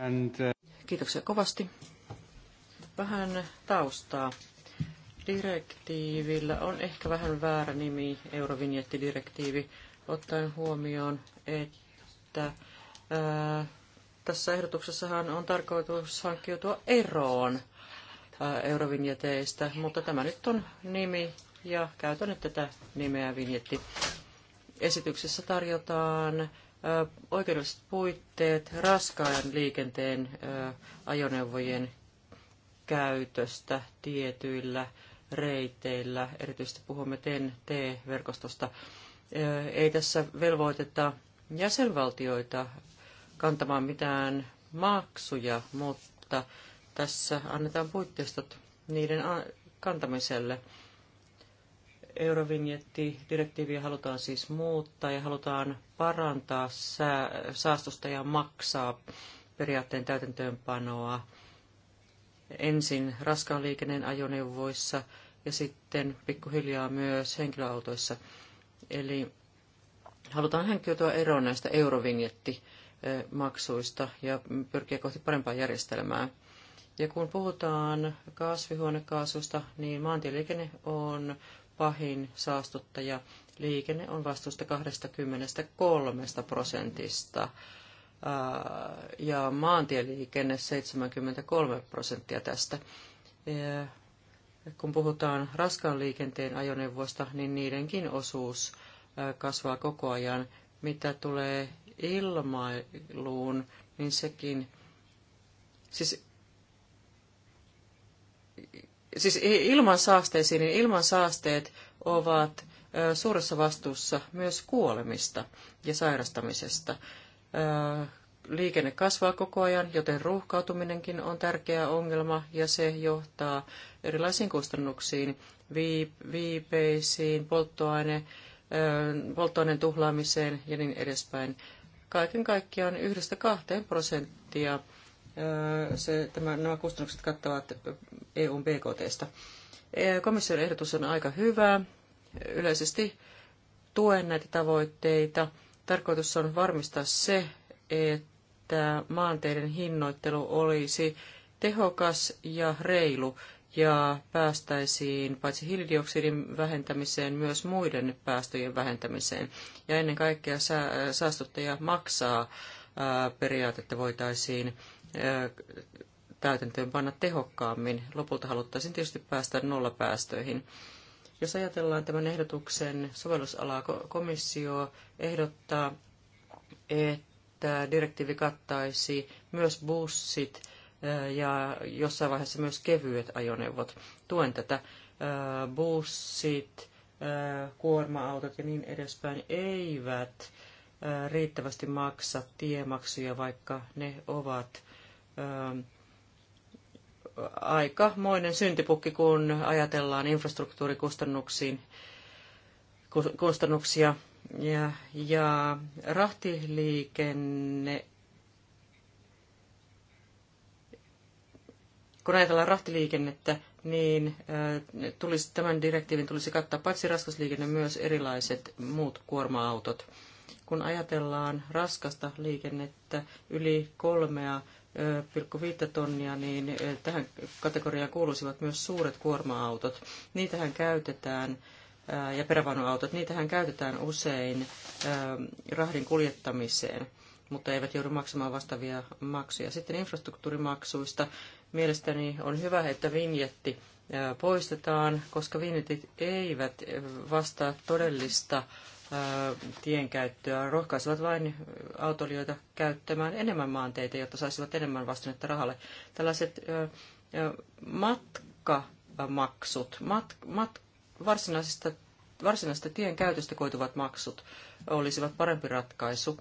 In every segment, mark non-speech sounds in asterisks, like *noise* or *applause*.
Uh, Kiitoksia kovasti. Vähän taustaa. Direktiivillä on ehkä vähän väärä nimi, Eurovinjettidirektiivi, ottaen huomioon, että ää, äh, tässä ehdotuksessahan on tarkoitus hankkiutua eroon ää, äh, eurovinjeteistä, mutta tämä nyt on nimi ja käytän nyt tätä nimeä vinjetti. Esityksessä tarjotaan oikeudelliset puitteet raskaan liikenteen ajoneuvojen käytöstä tietyillä reiteillä. Erityisesti puhumme TEN-T-verkostosta. Ei tässä velvoiteta jäsenvaltioita kantamaan mitään maksuja, mutta tässä annetaan puitteistot niiden kantamiselle. Eurovignetti-direktiiviä halutaan siis muuttaa ja halutaan parantaa saastusta ja maksaa periaatteen täytäntöönpanoa ensin raskaan liikenneen ajoneuvoissa ja sitten pikkuhiljaa myös henkilöautoissa. Eli halutaan henkilötyä eroon näistä maksuista ja pyrkiä kohti parempaa järjestelmää. Ja kun puhutaan kasvihuonekaasusta, niin maantieliikenne on pahin saastuttaja. Liikenne on vastuusta 23 prosentista ja maantieliikenne 73 prosenttia tästä. Kun puhutaan raskaan liikenteen ajoneuvoista, niin niidenkin osuus kasvaa koko ajan. Mitä tulee ilmailuun, niin sekin, siis siis ilmansaasteisiin, niin ilmansaasteet ovat suuressa vastuussa myös kuolemista ja sairastamisesta. Liikenne kasvaa koko ajan, joten ruuhkautuminenkin on tärkeä ongelma ja se johtaa erilaisiin kustannuksiin, viipeisiin, polttoaine, polttoaineen tuhlaamiseen ja niin edespäin. Kaiken kaikkiaan yhdestä kahteen prosenttia se, tämä, nämä kustannukset kattavat EUn BKTstä. Komission ehdotus on aika hyvä. Yleisesti tuen näitä tavoitteita. Tarkoitus on varmistaa se, että maanteiden hinnoittelu olisi tehokas ja reilu ja päästäisiin paitsi hiilidioksidin vähentämiseen myös muiden päästöjen vähentämiseen. Ja ennen kaikkea saastuttaja maksaa periaatetta voitaisiin täytäntöön panna tehokkaammin. Lopulta haluttaisiin tietysti päästä nollapäästöihin. Jos ajatellaan tämän ehdotuksen sovellusalaa, komissio ehdottaa, että direktiivi kattaisi myös bussit ja jossain vaiheessa myös kevyet ajoneuvot. Tuen tätä. Bussit, kuorma-autot ja niin edespäin eivät riittävästi maksa tiemaksuja, vaikka ne ovat aikamoinen syntipukki, kun ajatellaan infrastruktuurikustannuksiin kustannuksia. Ja, ja rahtiliikenne, kun ajatellaan rahtiliikennettä, niin tulisi, tämän direktiivin tulisi kattaa paitsi liikenne myös erilaiset muut kuorma-autot. Kun ajatellaan raskasta liikennettä, yli kolmea 0,5 tonnia, niin eh, tähän kategoriaan kuuluisivat myös suuret kuorma-autot. Niitähän käytetään eh, ja perävaunuautot, niitähän käytetään usein eh, rahdin kuljettamiseen, mutta eivät joudu maksamaan vastaavia maksuja. Sitten infrastruktuurimaksuista. Mielestäni on hyvä, että vinjetti poistetaan, koska vinjetit eivät vastaa todellista tienkäyttöä, rohkaisivat vain autoilijoita käyttämään enemmän maanteita, jotta saisivat enemmän vastinetta rahalle. Tällaiset matkamaksut, mat, mat, varsinaisista, varsinaisista tien käytöstä koituvat maksut olisivat parempi ratkaisu.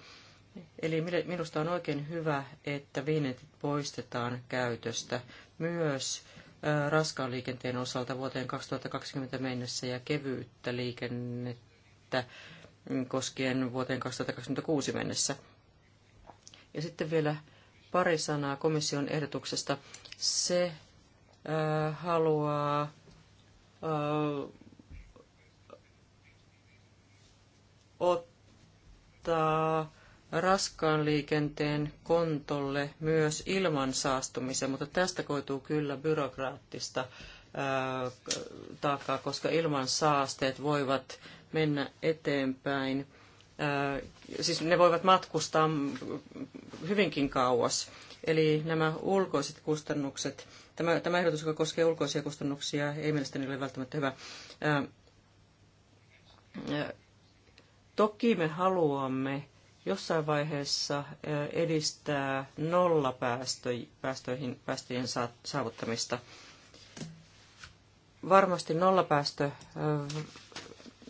Eli minusta on oikein hyvä, että viinetit poistetaan käytöstä myös raskaan liikenteen osalta vuoteen 2020 mennessä ja kevyyttä liikennettä koskien vuoteen 2026 mennessä. Ja sitten vielä pari sanaa komission ehdotuksesta. Se äh, haluaa äh, ottaa raskaan liikenteen kontolle myös ilman saastumisen, mutta tästä koituu kyllä byrokraattista äh, taakkaa, koska ilman saasteet voivat mennä eteenpäin. Äh, siis ne voivat matkustaa hyvinkin kauas. Eli nämä ulkoiset kustannukset, tämä, tämä ehdotus, joka koskee ulkoisia kustannuksia, ei mielestäni ole välttämättä hyvä. Äh, äh, toki me haluamme jossain vaiheessa edistää nollapäästöjen saavuttamista. Varmasti nollapäästö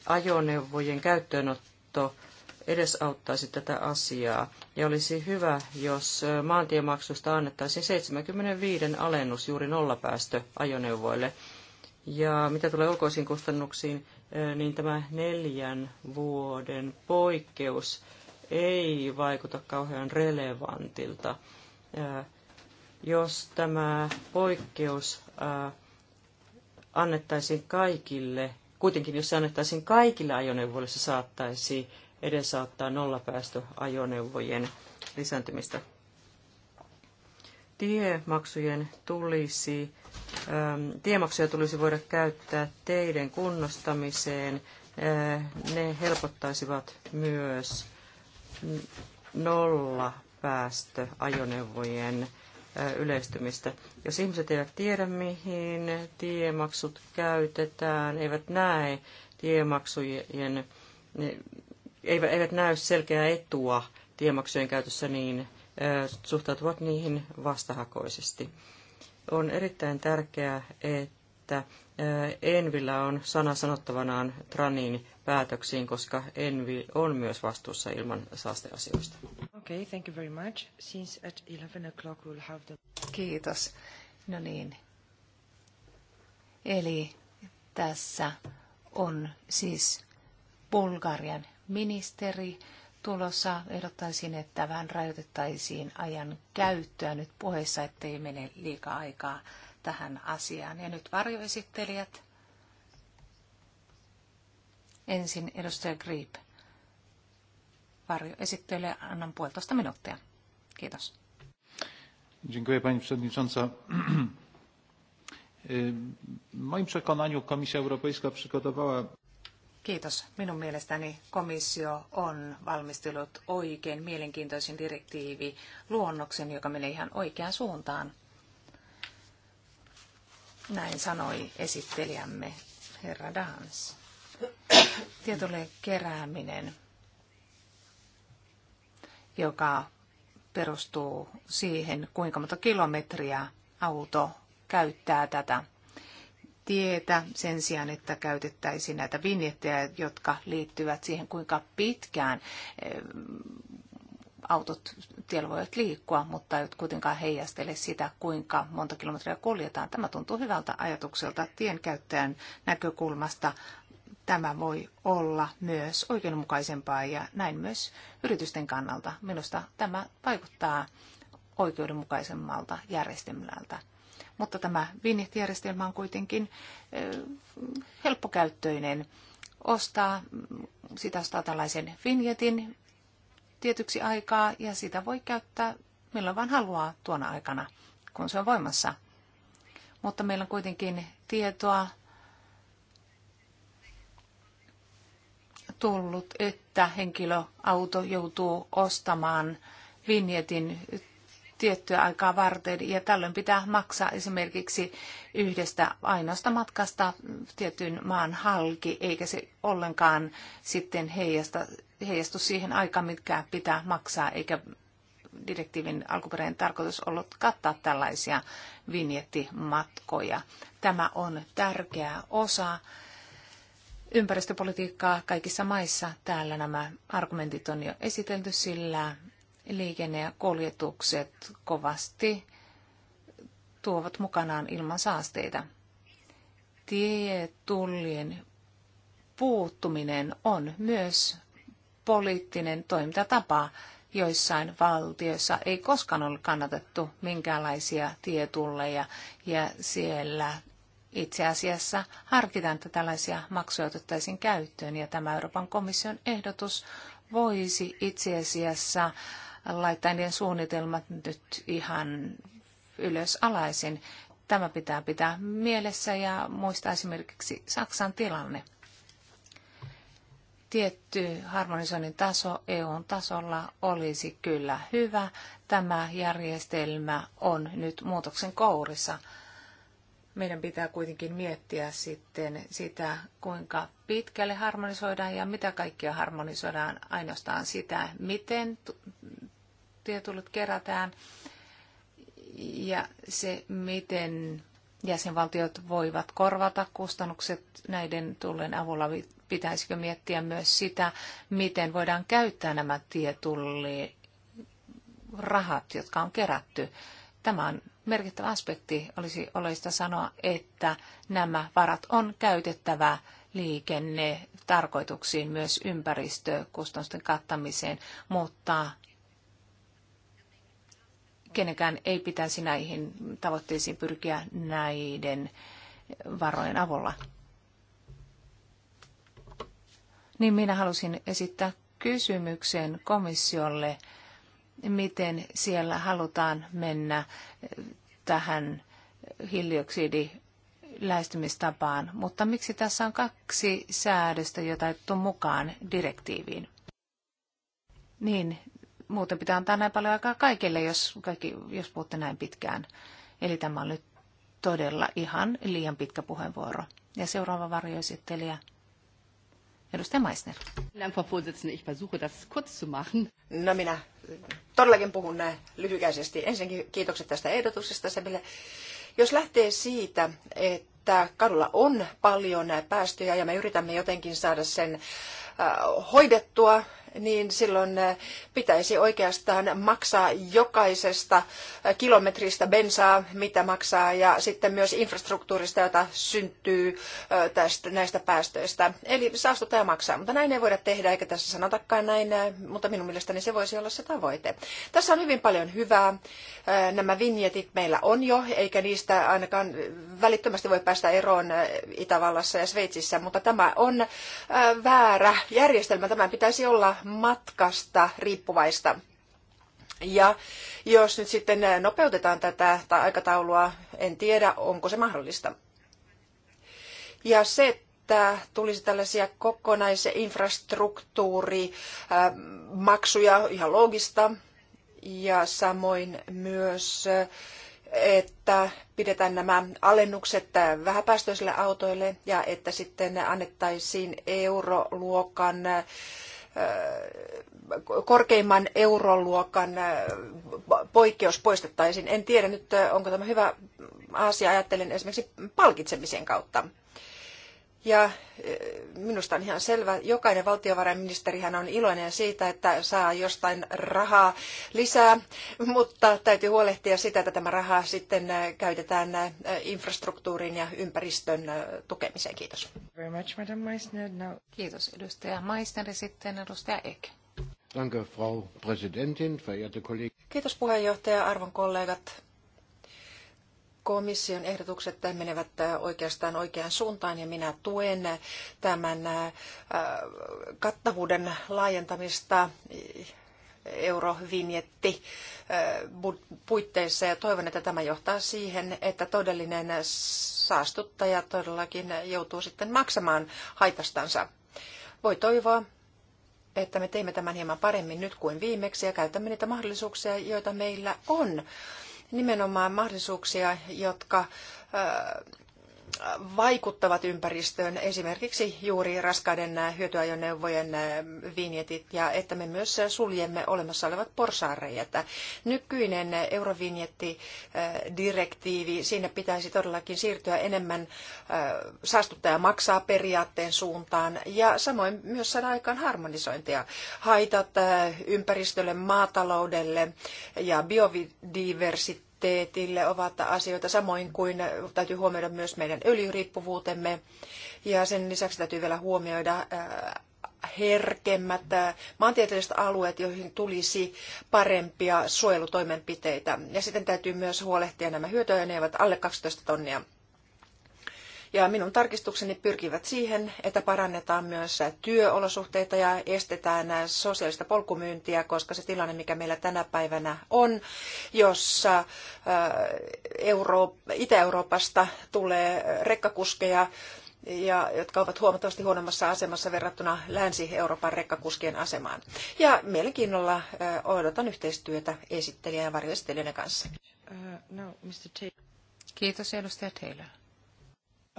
ajoneuvojen käyttöönotto edesauttaisi tätä asiaa. Ja olisi hyvä, jos maantiemaksusta annettaisiin 75 alennus juuri nollapäästöajoneuvoille. Ja mitä tulee ulkoisiin kustannuksiin, eh, niin tämä neljän vuoden poikkeus ei vaikuta kauhean relevantilta. Eh, jos tämä poikkeus eh, annettaisiin kaikille Kuitenkin jos se annettaisiin kaikille ajoneuvoille, se saattaisi edesauttaa nollapäästöajoneuvojen lisääntymistä. Tiemaksujen tulisi, ähm, tiemaksuja tulisi voida käyttää teiden kunnostamiseen. Äh, ne helpottaisivat myös nollapäästöajoneuvojen äh, yleistymistä. Jos ihmiset eivät tiedä, mihin tiemaksut käytetään, eivät näe tiemaksujen, eivät, eivät näy selkeää etua tiemaksujen käytössä, niin suhtautuvat niihin vastahakoisesti. On erittäin tärkeää, että että Envillä on sana sanottavanaan Tranin päätöksiin, koska Envi on myös vastuussa ilman saasteasioista. Okay, thank you very much. Since at 11 o'clock we'll have the... Kiitos. No niin. Eli tässä on siis Bulgarian ministeri tulossa. Ehdottaisin, että vähän rajoitettaisiin ajan käyttöä nyt puheessa, ettei mene liikaa aikaa tähän asiaan. Ja nyt varjoesittelijät. Ensin edustaja Grip. Varjoesittelijä annan puolitoista minuuttia. Kiitos. Dziękuję Pani Przewodnicząca. *clears throat* W moim przekonaniu Komisja Europejska przygotowała Kiitos. Minun mielestäni komissio on valmistellut oikein mielenkiintoisen direktiivi luonnoksen, joka menee ihan oikeaan suuntaan. Näin sanoi esittelijämme herra Dans. Tietolle kerääminen, joka perustuu siihen, kuinka monta kilometriä auto käyttää tätä tietä sen sijaan, että käytettäisiin näitä vinjettejä, jotka liittyvät siihen, kuinka pitkään autot tiellä voivat liikkua, mutta ei kuitenkaan heijastele sitä, kuinka monta kilometriä kuljetaan. Tämä tuntuu hyvältä ajatukselta tienkäyttäjän näkökulmasta. Tämä voi olla myös oikeudenmukaisempaa ja näin myös yritysten kannalta. Minusta tämä vaikuttaa oikeudenmukaisemmalta järjestelmältä. Mutta tämä vinjettijärjestelmä on kuitenkin helppokäyttöinen ostaa, sitä ostaa tällaisen vinjetin, tietyksi aikaa ja sitä voi käyttää milloin vaan haluaa tuona aikana, kun se on voimassa. Mutta meillä on kuitenkin tietoa tullut, että henkilöauto joutuu ostamaan vinjetin tiettyä aikaa varten ja tällöin pitää maksaa esimerkiksi yhdestä ainoasta matkasta tietyn maan halki, eikä se ollenkaan sitten heijasta, heijastu siihen aikaan, mitkä pitää maksaa, eikä direktiivin alkuperäinen tarkoitus ollut kattaa tällaisia vinjettimatkoja. Tämä on tärkeä osa ympäristöpolitiikkaa kaikissa maissa. Täällä nämä argumentit on jo esitelty, sillä liikenne ja kuljetukset kovasti tuovat mukanaan ilman saasteita. Tietullien puuttuminen on myös poliittinen toimintatapa. Joissain valtioissa ei koskaan ole kannatettu minkäänlaisia tietulleja ja siellä itse asiassa harkitaan, että tällaisia maksuja otettaisiin käyttöön ja tämä Euroopan komission ehdotus voisi itse asiassa laittaa niiden suunnitelmat nyt ihan ylös alaisin. Tämä pitää pitää mielessä ja muistaa esimerkiksi Saksan tilanne. Tietty harmonisoinnin taso EUn tasolla olisi kyllä hyvä. Tämä järjestelmä on nyt muutoksen kourissa. Meidän pitää kuitenkin miettiä sitten sitä, kuinka pitkälle harmonisoidaan ja mitä kaikkea harmonisoidaan, ainoastaan sitä, miten tietolut kerätään ja se, miten jäsenvaltiot voivat korvata kustannukset näiden tullen avulla. Pitäisikö miettiä myös sitä, miten voidaan käyttää nämä rahat, jotka on kerätty. Tämä on merkittävä aspekti. Olisi oleista sanoa, että nämä varat on käytettävä liikenne tarkoituksiin myös ympäristökustannusten kattamiseen, mutta kenenkään ei pitäisi näihin tavoitteisiin pyrkiä näiden varojen avulla. Niin minä halusin esittää kysymyksen komissiolle, miten siellä halutaan mennä tähän hiilidioksidi lähestymistapaan, mutta miksi tässä on kaksi säädöstä, joita ei mukaan direktiiviin? Niin, muuten pitää antaa näin paljon aikaa kaikille, jos, kaikki, jos puhutte näin pitkään. Eli tämä on nyt todella ihan liian pitkä puheenvuoro. Ja seuraava varjoesittelijä. Edustaja Meissner. No minä todellakin puhun näin lyhykäisesti. Ensinnäkin kiitokset tästä ehdotuksesta. Se, jos lähtee siitä, että kadulla on paljon päästöjä ja me yritämme jotenkin saada sen äh, hoidettua, niin silloin eh, pitäisi oikeastaan maksaa jokaisesta eh, kilometristä bensaa, mitä maksaa, ja sitten myös infrastruktuurista, jota syntyy eh, tästä, näistä päästöistä. Eli saastuttaja ja maksaa, mutta näin ei voida tehdä, eikä tässä sanotakaan näin, mutta minun mielestäni se voisi olla se tavoite. Tässä on hyvin paljon hyvää. Nämä vinjetit meillä on jo, eikä niistä ainakaan välittömästi voi päästä eroon Itävallassa ja Sveitsissä, mutta tämä on väärä järjestelmä. Tämän pitäisi olla matkasta riippuvaista. Ja jos nyt sitten nopeutetaan tätä tai aikataulua, en tiedä, onko se mahdollista. Ja se, että tulisi tällaisia kokonaisinfrastruktuurimaksuja, ähm, ihan loogista, ja samoin myös että pidetään nämä alennukset vähäpäästöisille autoille ja että sitten annettaisiin euroluokan korkeimman euroluokan poikkeus poistettaisiin. En tiedä nyt, onko tämä hyvä asia, ajattelen esimerkiksi palkitsemisen kautta. Ja eh, minusta on ihan selvä, jokainen valtiovarainministerihän on iloinen siitä, että saa jostain rahaa lisää, mutta täytyy huolehtia sitä, että tämä raha sitten eh, käytetään eh, infrastruktuurin ja ympäristön tukemiseen. Kiitos. Very much, Madam Meissner. No. Kiitos edustaja Meissner sitten edustaja Ek. Danke, Frau Präsidentin, verehrte Kollegen. Kiitos puheenjohtaja, arvon kollegat komission ehdotukset menevät äh, oikeastaan oikeaan suuntaan ja minä tuen äh, tämän äh, kattavuuden laajentamista eurovinjetti puitteissa ja toivon, että tämä johtaa siihen, että todellinen saastuttaja todellakin joutuu sitten maksamaan haitastansa. Voi toivoa, että me teemme tämän hieman paremmin nyt kuin viimeksi ja käytämme niitä mahdollisuuksia, joita meillä on nimenomaan mahdollisuuksia, jotka vaikuttavat ympäristöön, esimerkiksi juuri raskaiden hyötyajoneuvojen äh, vinjetit, ja että me myös suljemme olemassa olevat porsaareijat. Nykyinen eurovinjettidirektiivi, äh, siinä pitäisi todellakin siirtyä enemmän äh, saastuttaja maksaa periaatteen suuntaan, ja samoin myös saada aikaan harmonisointia. Haitat ympäristölle, maataloudelle ja biodiversiteetille kapasiteetille ovat asioita samoin kuin täytyy huomioida myös meidän öljyriippuvuutemme ja sen lisäksi täytyy vielä huomioida äh, herkemmät äh, maantieteelliset alueet, joihin tulisi parempia suojelutoimenpiteitä. Ja sitten täytyy myös huolehtia nämä hyötyajoneuvot alle 12 tonnia. Ja minun tarkistukseni pyrkivät siihen, että parannetaan myös työolosuhteita ja estetään sosiaalista polkumyyntiä, koska se tilanne, mikä meillä tänä päivänä on, jossa äh, Itä-Euroopasta tulee rekkakuskeja, ja, jotka ovat huomattavasti huonommassa asemassa verrattuna Länsi-Euroopan rekkakuskien asemaan. Ja mielenkiinnolla äh, odotan yhteistyötä esittelijän ja varjoesittelijöiden kanssa. Uh, no, Kiitos edustaja Taylor.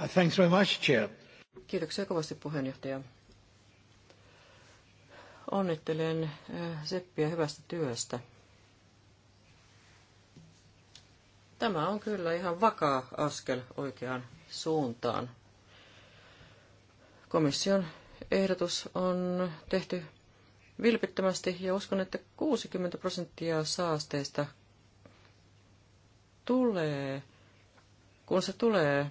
Uh, thanks very much, Chair. Kiitoksia kovasti puheenjohtaja. Onnittelen uh, Seppiä hyvästä työstä. Tämä on kyllä ihan vakaa askel oikeaan suuntaan. Komission ehdotus on tehty vilpittömästi ja uskon, että 60 prosenttia saasteista tulee, kun se tulee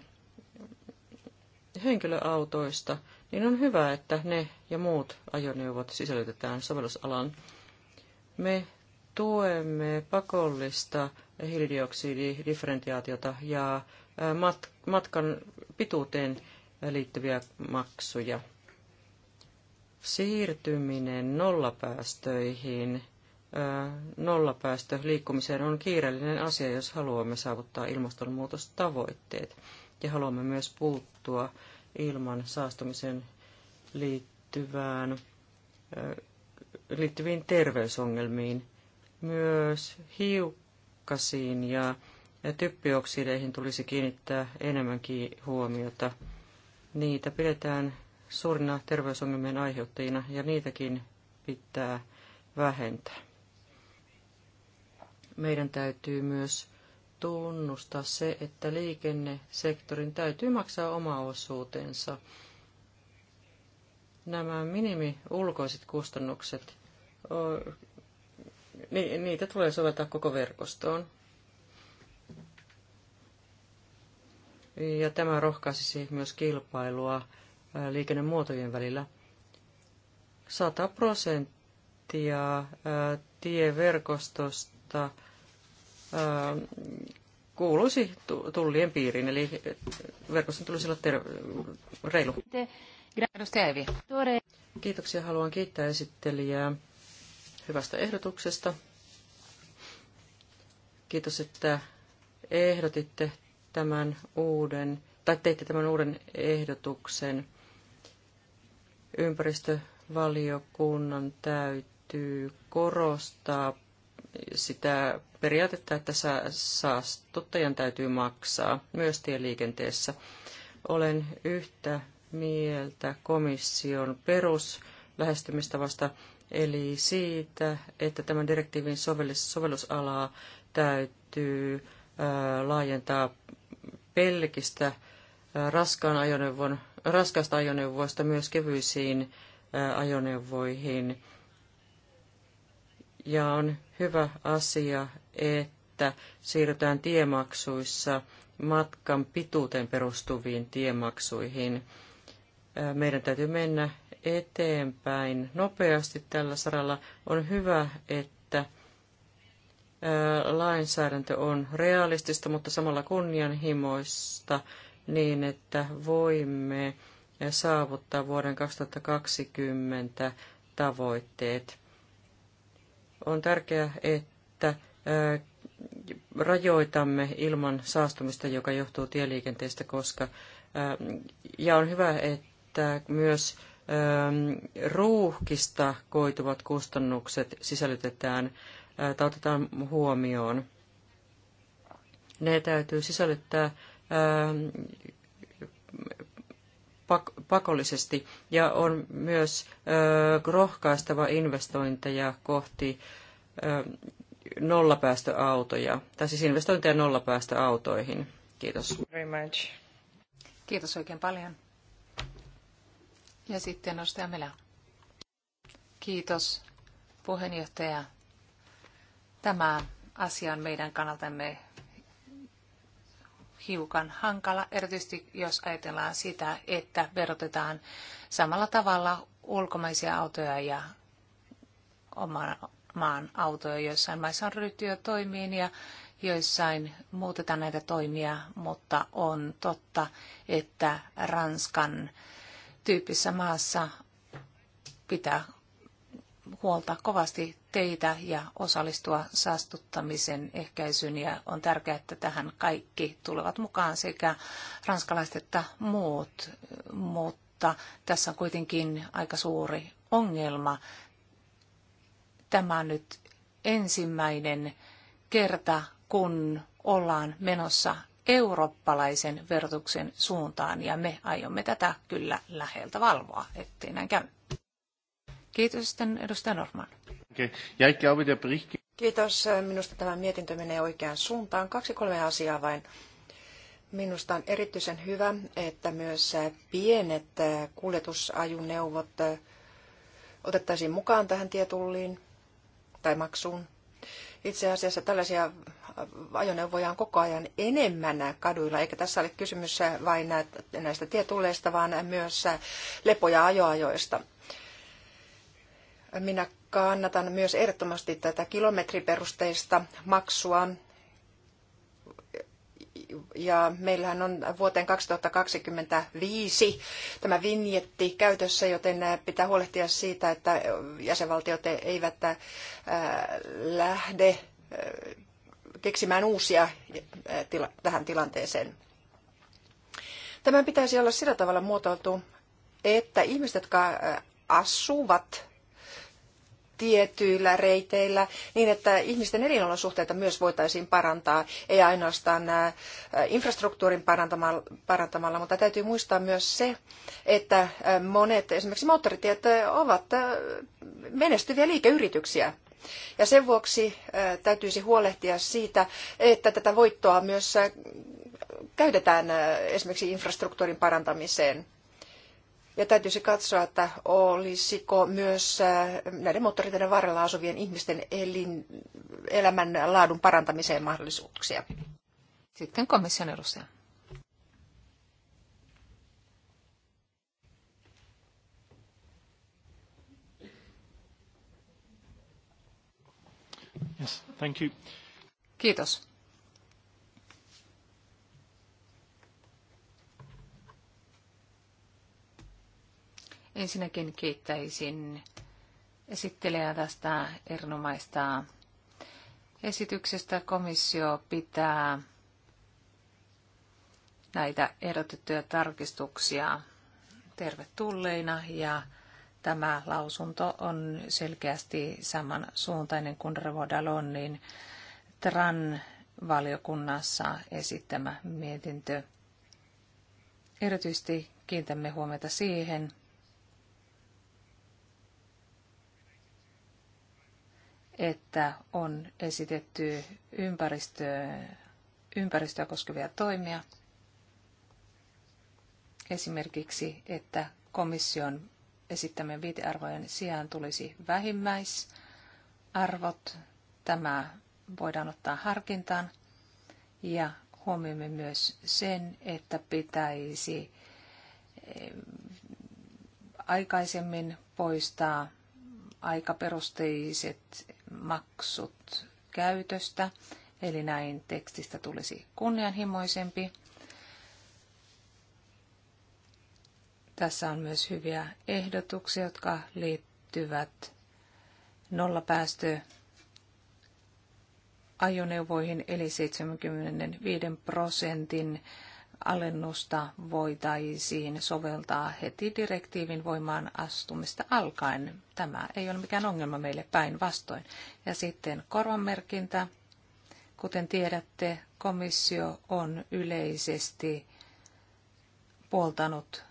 henkilöautoista, niin on hyvä, että ne ja muut ajoneuvot sisällytetään sovellusalan. Me tuemme pakollista hiilidioksididifferentiaatiota ja matkan pituuteen liittyviä maksuja. Siirtyminen nollapäästöihin, nollapäästö liikkumiseen on kiireellinen asia, jos haluamme saavuttaa ilmastonmuutostavoitteet ja haluamme myös puuttua ilman saastumisen liittyvään, liittyviin terveysongelmiin, myös hiukkasiin ja typpioksideihin tulisi kiinnittää enemmänkin huomiota. Niitä pidetään suurina terveysongelmien aiheuttajina ja niitäkin pitää vähentää. Meidän täytyy myös tunnustaa se, että liikennesektorin täytyy maksaa oma osuutensa. Nämä minimiulkoiset kustannukset, niitä tulee soveltaa koko verkostoon. Ja tämä rohkaisisi myös kilpailua liikennemuotojen välillä. 100 prosenttia tieverkostosta kuuluisi tullien piiriin, eli verkoston tulisi olla ter- reilu. Kiitoksia, haluan kiittää esittelijää hyvästä ehdotuksesta. Kiitos, että ehdotitte tämän uuden, tai teitte tämän uuden ehdotuksen. Ympäristövaliokunnan täytyy korostaa sitä periaatetta, että saastuttajan täytyy maksaa myös tieliikenteessä. Olen yhtä mieltä komission peruslähestymistavasta, eli siitä, että tämän direktiivin sovellusalaa täytyy laajentaa pelkistä raskaan ajoneuvon, raskaasta ajoneuvoista myös kevyisiin ajoneuvoihin. Ja on hyvä asia, että siirrytään tiemaksuissa matkan pituuteen perustuviin tiemaksuihin. Meidän täytyy mennä eteenpäin nopeasti tällä saralla. On hyvä, että lainsäädäntö on realistista, mutta samalla kunnianhimoista niin, että voimme saavuttaa vuoden 2020 tavoitteet. On tärkeää, että rajoitamme ilman saastumista, joka johtuu tieliikenteestä, koska ja on hyvä, että myös ruuhkista koituvat kustannukset sisällytetään tai otetaan huomioon. Ne täytyy sisällyttää pakollisesti ja on myös rohkaistava investointeja kohti nollapäästöautoja, tai siis investointeja nollapäästöautoihin. Kiitos. Very much. Kiitos oikein paljon. Ja sitten nostaja Mela. Kiitos puheenjohtaja. Tämä asia on meidän kannaltamme hiukan hankala, erityisesti jos ajatellaan sitä, että verotetaan samalla tavalla ulkomaisia autoja ja oma, maan autoja. Joissain maissa on ryhty jo toimiin ja joissain muutetaan näitä toimia, mutta on totta, että Ranskan tyyppisessä maassa pitää huolta kovasti teitä ja osallistua saastuttamisen ehkäisyyn ja on tärkeää, että tähän kaikki tulevat mukaan sekä ranskalaiset että muut, mutta tässä on kuitenkin aika suuri ongelma Tämä on nyt ensimmäinen kerta, kun ollaan menossa eurooppalaisen verotuksen suuntaan ja me aiomme tätä kyllä läheltä valvoa, ettei näin käy. Kiitos sitten edustaja Norman. Kiitos. Minusta tämä mietintö menee oikeaan suuntaan. Kaksi kolme asiaa vain. Minusta on erityisen hyvä, että myös pienet kuljetusajuneuvot otettaisiin mukaan tähän tietulliin tai maksuun. Itse asiassa tällaisia ajoneuvoja on koko ajan enemmän kaduilla, eikä tässä ole kysymys vain näistä tietulleista, vaan myös lepo- ja ajoajoista. Minä kannatan myös ehdottomasti tätä kilometriperusteista maksua ja meillähän on vuoteen 2025 tämä vinjetti käytössä, joten äh, pitää huolehtia siitä, että jäsenvaltiot e-, eivät äh, lähde äh, keksimään uusia tähän tilanteeseen. Tämän pitäisi olla sillä tavalla muotoiltu, että ihmiset, jotka asuvat tietyillä reiteillä niin, että ihmisten elinolosuhteita myös voitaisiin parantaa, ei ainoastaan infrastruktuurin parantamalla, mutta täytyy muistaa myös se, että monet esimerkiksi moottoritiet ovat menestyviä liikeyrityksiä. Ja sen vuoksi täytyisi huolehtia siitä, että tätä voittoa myös käytetään esimerkiksi infrastruktuurin parantamiseen – ja täytyisi katsoa, että olisiko myös äh, näiden moottoriteiden varrella asuvien ihmisten elin, elämän laadun parantamiseen mahdollisuuksia. Sitten komission edustaja. Yes, thank you. Kiitos. Ensinnäkin kiittäisin esittelijää tästä erinomaista esityksestä. Komissio pitää näitä ehdotettuja tarkistuksia tervetulleina ja tämä lausunto on selkeästi samansuuntainen kuin Dallonin TRAN valiokunnassa esittämä mietintö. Erityisesti kiintämme huomiota siihen, että on esitetty ympäristö, ympäristöä koskevia toimia. Esimerkiksi, että komission esittämien viitearvojen sijaan tulisi vähimmäisarvot. Tämä voidaan ottaa harkintaan. Ja huomioimme myös sen, että pitäisi eh, aikaisemmin poistaa aikaperusteiset maksut käytöstä, eli näin tekstistä tulisi kunnianhimoisempi. Tässä on myös hyviä ehdotuksia, jotka liittyvät nollapäästö ajoneuvoihin, eli 75 prosentin alennusta voitaisiin soveltaa heti direktiivin voimaan astumista alkaen. Tämä ei ole mikään ongelma meille päinvastoin. Ja sitten korvamerkintä. Kuten tiedätte, komissio on yleisesti puoltanut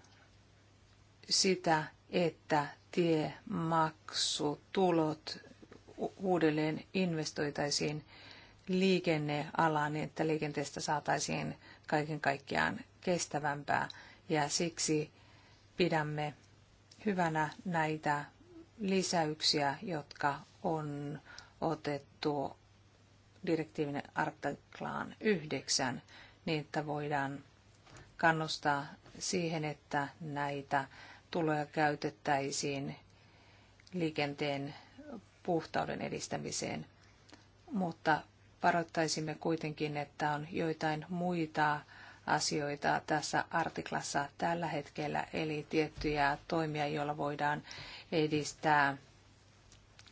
sitä, että tiemaksutulot uudelleen investoitaisiin liikennealaan, niin että liikenteestä saataisiin kaiken kaikkiaan kestävämpää. Ja siksi pidämme hyvänä näitä lisäyksiä, jotka on otettu direktiivin artiklaan yhdeksän, niin että voidaan kannustaa siihen, että näitä tuloja käytettäisiin liikenteen puhtauden edistämiseen. Mutta varoittaisimme kuitenkin, että on joitain muita asioita tässä artiklassa tällä hetkellä, eli tiettyjä toimia, joilla voidaan edistää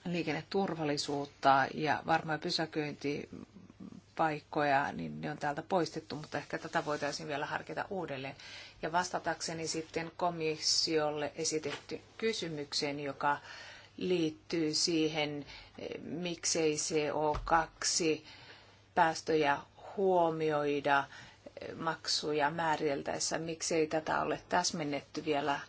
liikenneturvallisuutta ja varmaan pysäköintipaikkoja, niin ne on täältä poistettu, mutta ehkä tätä voitaisiin vielä harkita uudelleen. Ja vastatakseni sitten komissiolle esitetty kysymykseen, joka liittyy siihen, miksei CO2 päästöjä huomioida maksuja määriteltäessä, miksei tätä ole täsmennetty vielä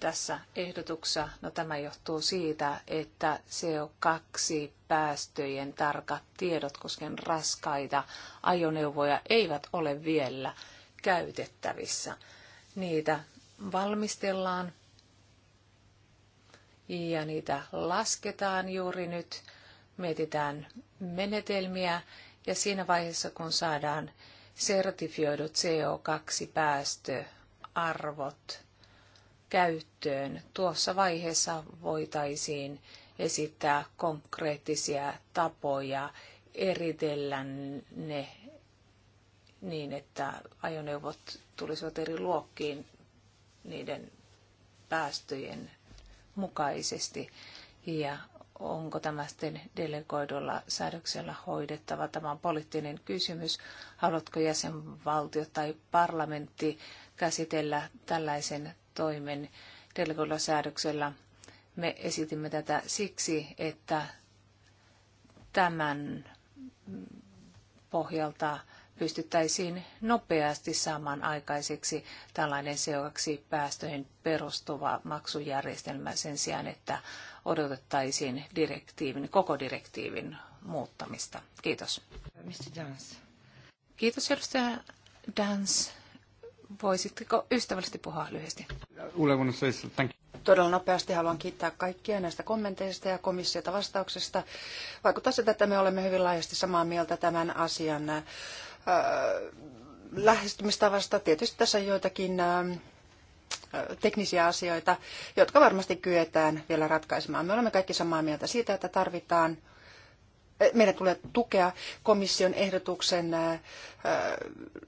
tässä ehdotuksessa. No, tämä johtuu siitä, että CO2-päästöjen tarkat tiedot koskien raskaita ajoneuvoja eivät ole vielä käytettävissä. Niitä valmistellaan ja niitä lasketaan juuri nyt, mietitään menetelmiä ja siinä vaiheessa, kun saadaan sertifioidut CO2-päästöarvot käyttöön, tuossa vaiheessa voitaisiin esittää konkreettisia tapoja eritellä ne niin, että ajoneuvot tulisivat eri luokkiin niiden päästöjen mukaisesti ja onko tämä sitten delegoidulla säädöksellä hoidettava. Tämä on poliittinen kysymys. Haluatko jäsenvaltio tai parlamentti käsitellä tällaisen toimen delegoidulla säädöksellä? Me esitimme tätä siksi, että tämän pohjalta pystyttäisiin nopeasti saamaan aikaiseksi tällainen seuraksi päästöihin perustuva maksujärjestelmä sen sijaan, että odotettaisiin direktiivin, koko direktiivin muuttamista. Kiitos. Kiitos edustaja Dance. Voisitteko ystävällisesti puhua lyhyesti? Todella nopeasti haluan kiittää kaikkia näistä kommenteista ja komissiota vastauksesta. Vaikuttaa siltä, että me olemme hyvin laajasti samaa mieltä tämän asian lähestymistavasta. Tietysti tässä on joitakin teknisiä asioita, jotka varmasti kyetään vielä ratkaisemaan. Me olemme kaikki samaa mieltä siitä, että tarvitaan meidän tulee tukea komission ehdotuksen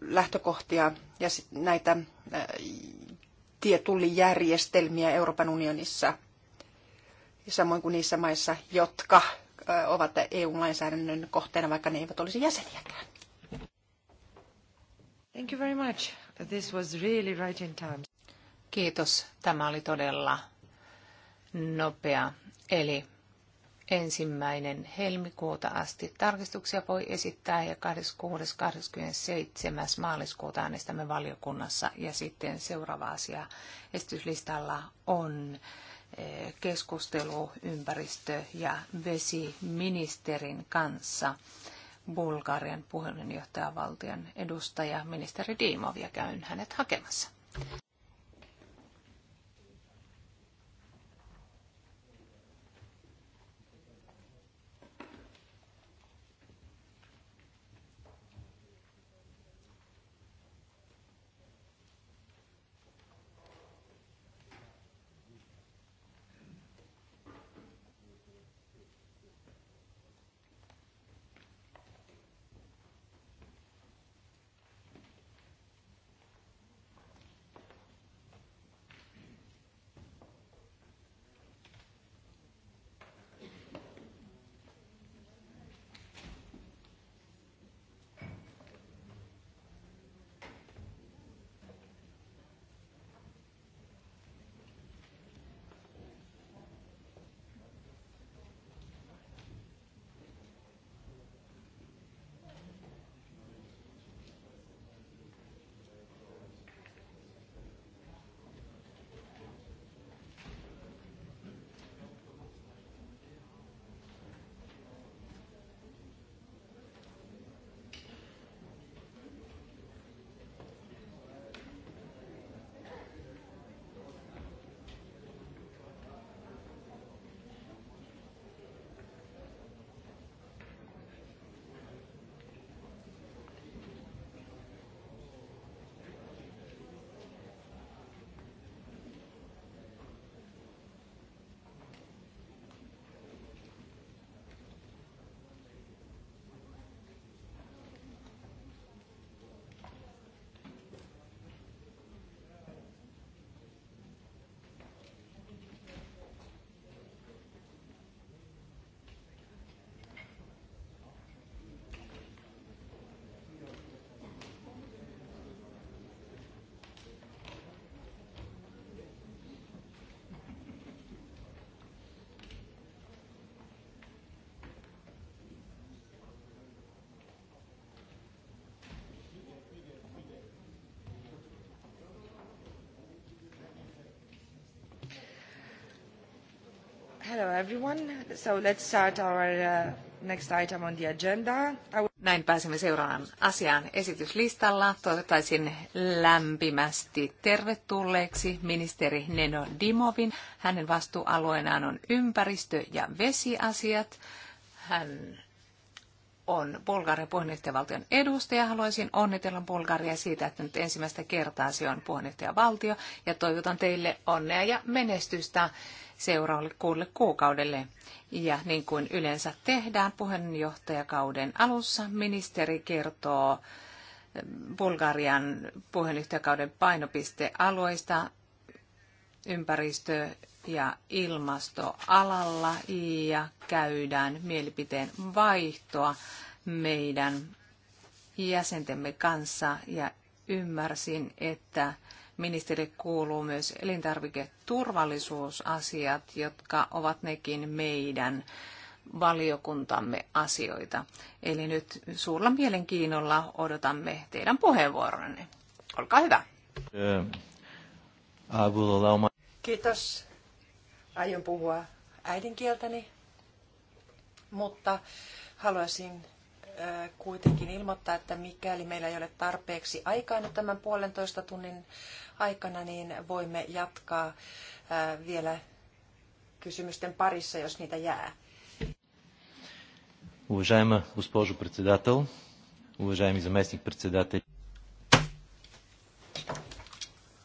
lähtökohtia ja näitä tietullijärjestelmiä Euroopan unionissa, samoin kuin niissä maissa, jotka ovat EU-lainsäädännön kohteena, vaikka ne eivät olisi jäseniäkään. Thank you very much. This was really right in time. Kiitos. Tämä oli todella nopea. Eli ensimmäinen helmikuuta asti tarkistuksia voi esittää ja 26.27. maaliskuuta äänestämme valiokunnassa. Ja sitten seuraava asia esityslistalla on eh, keskustelu ympäristö- ja vesiministerin kanssa Bulgarian puheenjohtajavaltion edustaja, ministeri Diimovia, käyn hänet hakemassa. Hello everyone. So let's start our uh, next item on the agenda. Näin pääsemme seuraavaan asiaan esityslistalla. Toivottaisin lämpimästi tervetulleeksi ministeri Neno Dimovin. Hänen vastuualueenaan on ympäristö- ja vesiasiat. Hän on Bulgarian puheenjohtajavaltion edustaja. Haluaisin onnitella Bulgaria siitä, että nyt ensimmäistä kertaa se on puheenjohtajavaltio ja toivotan teille onnea ja menestystä seuraavalle kuulle kuukaudelle. Ja niin kuin yleensä tehdään puheenjohtajakauden alussa, ministeri kertoo ähm, Bulgarian puheenjohtajakauden painopistealueista, ympäristö, ja ilmastoalalla ja käydään mielipiteen vaihtoa meidän jäsentemme kanssa ja ymmärsin, että ministeri kuuluu myös elintarviketurvallisuusasiat, jotka ovat nekin meidän valiokuntamme asioita. Eli nyt suurella mielenkiinnolla odotamme teidän puheenvuoronne. Olkaa hyvä. Kiitos aion puhua äidinkieltäni, mutta haluaisin kuitenkin ilmoittaa, että mikäli meillä ei ole tarpeeksi aikaa nyt tämän puolentoista tunnin aikana, niin voimme jatkaa vielä kysymysten parissa, jos niitä jää. Уважаема госпожо председател, уважаеми заместник председатели.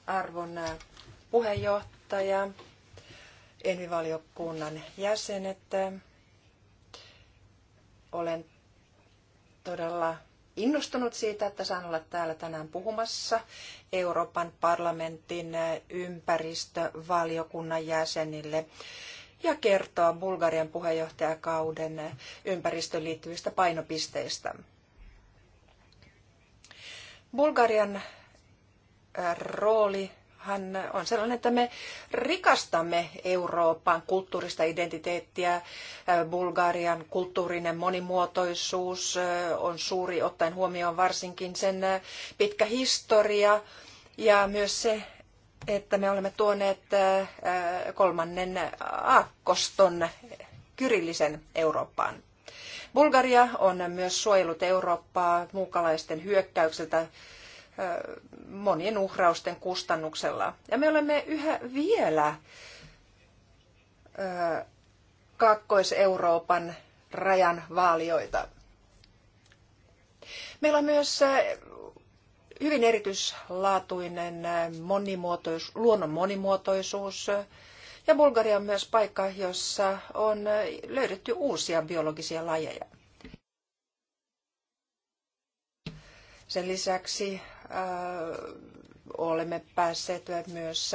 Arvon puheenjohtaja, envivaliokunnan jäsenet. Olen todella innostunut siitä, että saan olla täällä tänään puhumassa Euroopan parlamentin ympäristövaliokunnan jäsenille ja kertoa Bulgarian puheenjohtajakauden ympäristöön liittyvistä painopisteistä. Bulgarian rooli hän on sellainen, että me rikastamme Euroopan kulttuurista identiteettiä. Äh, Bulgarian kulttuurinen monimuotoisuus äh, on suuri, ottaen huomioon varsinkin sen äh, pitkä historia ja myös se, että me olemme tuoneet kolmannen aakkoston kyrillisen Eurooppaan. Bulgaria on myös suojellut Eurooppaa muukalaisten hyökkäykseltä monien uhrausten kustannuksella. Ja me olemme yhä vielä Kaakkois-Euroopan rajan vaalioita. Meillä on myös hyvin erityislaatuinen monimuotoisuus, luonnon monimuotoisuus. Ja Bulgaria on myös paikka, jossa on löydetty uusia biologisia lajeja. Sen lisäksi olemme päässeet myös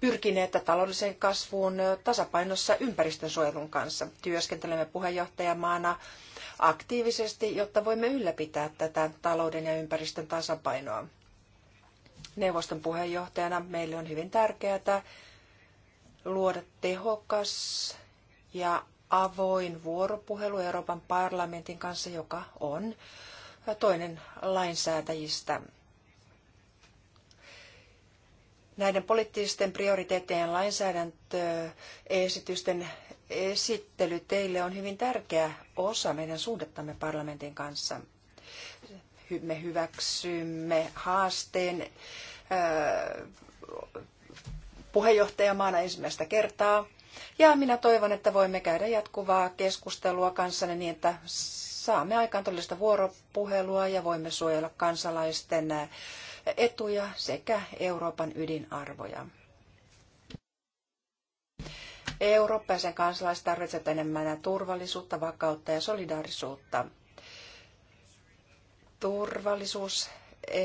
pyrkineet taloudelliseen kasvuun tasapainossa ympäristönsuojelun kanssa. Työskentelemme puheenjohtajamaana aktiivisesti, jotta voimme ylläpitää tätä talouden ja ympäristön tasapainoa. Neuvoston puheenjohtajana meille on hyvin tärkeää luoda tehokas ja avoin vuoropuhelu Euroopan parlamentin kanssa, joka on toinen lainsäätäjistä näiden poliittisten prioriteettien lainsäädäntöesitysten esittely teille on hyvin tärkeä osa meidän suhdettamme parlamentin kanssa. Me hyväksymme haasteen puheenjohtajamaana ensimmäistä kertaa. Ja minä toivon, että voimme käydä jatkuvaa keskustelua kanssanne niin, että saamme aikaan todellista vuoropuhelua ja voimme suojella kansalaisten etuja sekä Euroopan ydinarvoja. Eurooppa ja sen kansalaiset tarvitsevat enemmän turvallisuutta, vakautta ja solidaarisuutta. Turvallisuus, e,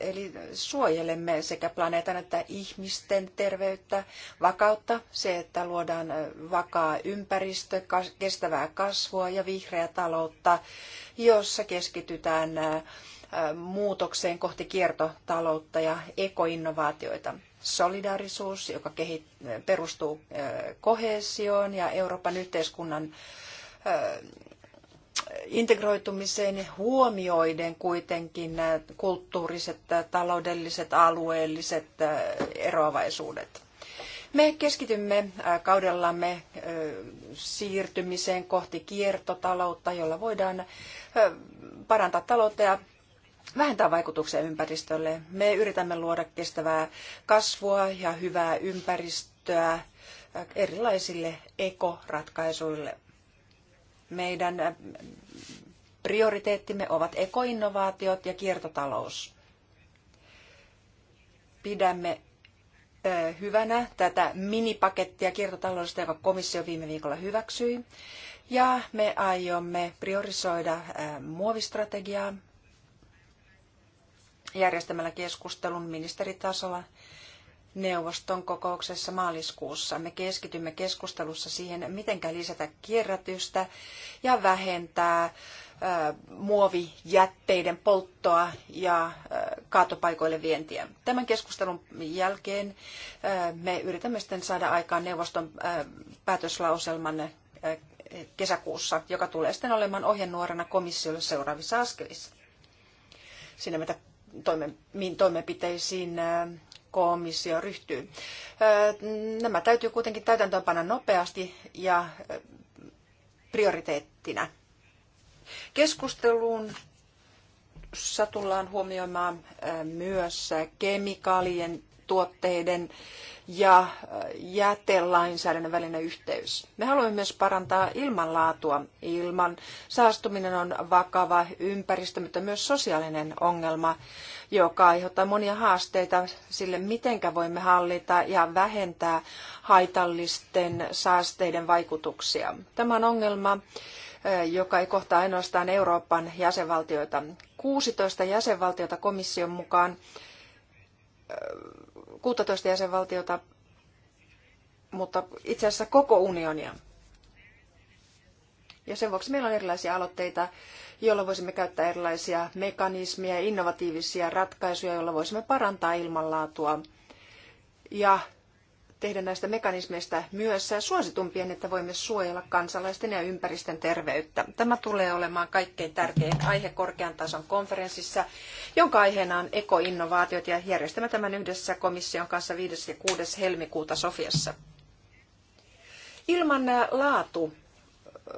eli suojelemme sekä planeetan että ihmisten terveyttä, vakautta, se, että luodaan vakaa ympäristö, kestävää kasvua ja vihreää taloutta, jossa keskitytään muutokseen kohti kiertotaloutta ja ekoinnovaatioita. Solidaarisuus, joka perustuu kohesioon ja Euroopan yhteiskunnan integroitumiseen huomioiden kuitenkin nämä kulttuuriset, taloudelliset, alueelliset eroavaisuudet. Me keskitymme kaudellamme siirtymiseen kohti kiertotaloutta, jolla voidaan parantaa taloutta ja vähentää vaikutuksia ympäristölle. Me yritämme luoda kestävää kasvua ja hyvää ympäristöä erilaisille ekoratkaisuille. Meidän prioriteettimme ovat ekoinnovaatiot ja kiertotalous. Pidämme hyvänä tätä minipakettia kiertotaloudesta, joka komissio viime viikolla hyväksyi. Ja me aiomme priorisoida muovistrategiaa järjestämällä keskustelun ministeritasolla neuvoston kokouksessa maaliskuussa. Me keskitymme keskustelussa siihen, miten lisätä kierrätystä ja vähentää muovijätteiden polttoa ja kaatopaikoille vientiä. Tämän keskustelun jälkeen me yritämme sitten saada aikaan neuvoston päätöslauselman kesäkuussa, joka tulee sitten olemaan ohjenuorana komissiolle seuraavissa askelissa. Siinä mitä mihin toimenpiteisiin komissio ryhtyy. Nämä täytyy kuitenkin täytäntöönpanna nopeasti ja prioriteettina. Keskusteluun tullaan huomioimaan myös kemikaalien tuotteiden ja äh, jätelainsäädännön välinen yhteys. Me haluamme myös parantaa ilmanlaatua. Ilman saastuminen on vakava ympäristö, mutta myös sosiaalinen ongelma, joka aiheuttaa monia haasteita sille, miten voimme hallita ja vähentää haitallisten saasteiden vaikutuksia. Tämä on ongelma, äh, joka ei kohtaa ainoastaan Euroopan jäsenvaltioita. 16 jäsenvaltiota komission mukaan 16 jäsenvaltiota, mutta itse asiassa koko unionia. Ja sen vuoksi meillä on erilaisia aloitteita, joilla voisimme käyttää erilaisia mekanismeja, innovatiivisia ratkaisuja, joilla voisimme parantaa ilmanlaatua ja tehdä näistä mekanismeista myös suositumpien, että voimme suojella kansalaisten ja ympäristön terveyttä. Tämä tulee olemaan kaikkein tärkein aihe korkean tason konferenssissa, jonka aiheena on ekoinnovaatiot ja järjestämme tämän yhdessä komission kanssa 5. ja 6. helmikuuta Sofiassa. Ilman äh, laatu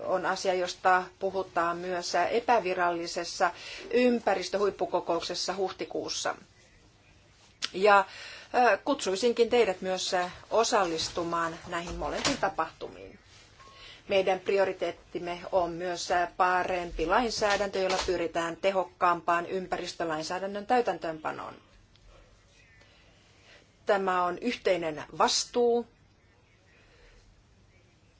on asia, josta puhutaan myös epävirallisessa ympäristöhuippukokouksessa huhtikuussa. Ja kutsuisinkin teidät myös osallistumaan näihin molempiin tapahtumiin. Meidän prioriteettimme on myös parempi lainsäädäntö, jolla pyritään tehokkaampaan ympäristölainsäädännön täytäntöönpanoon. Tämä on yhteinen vastuu,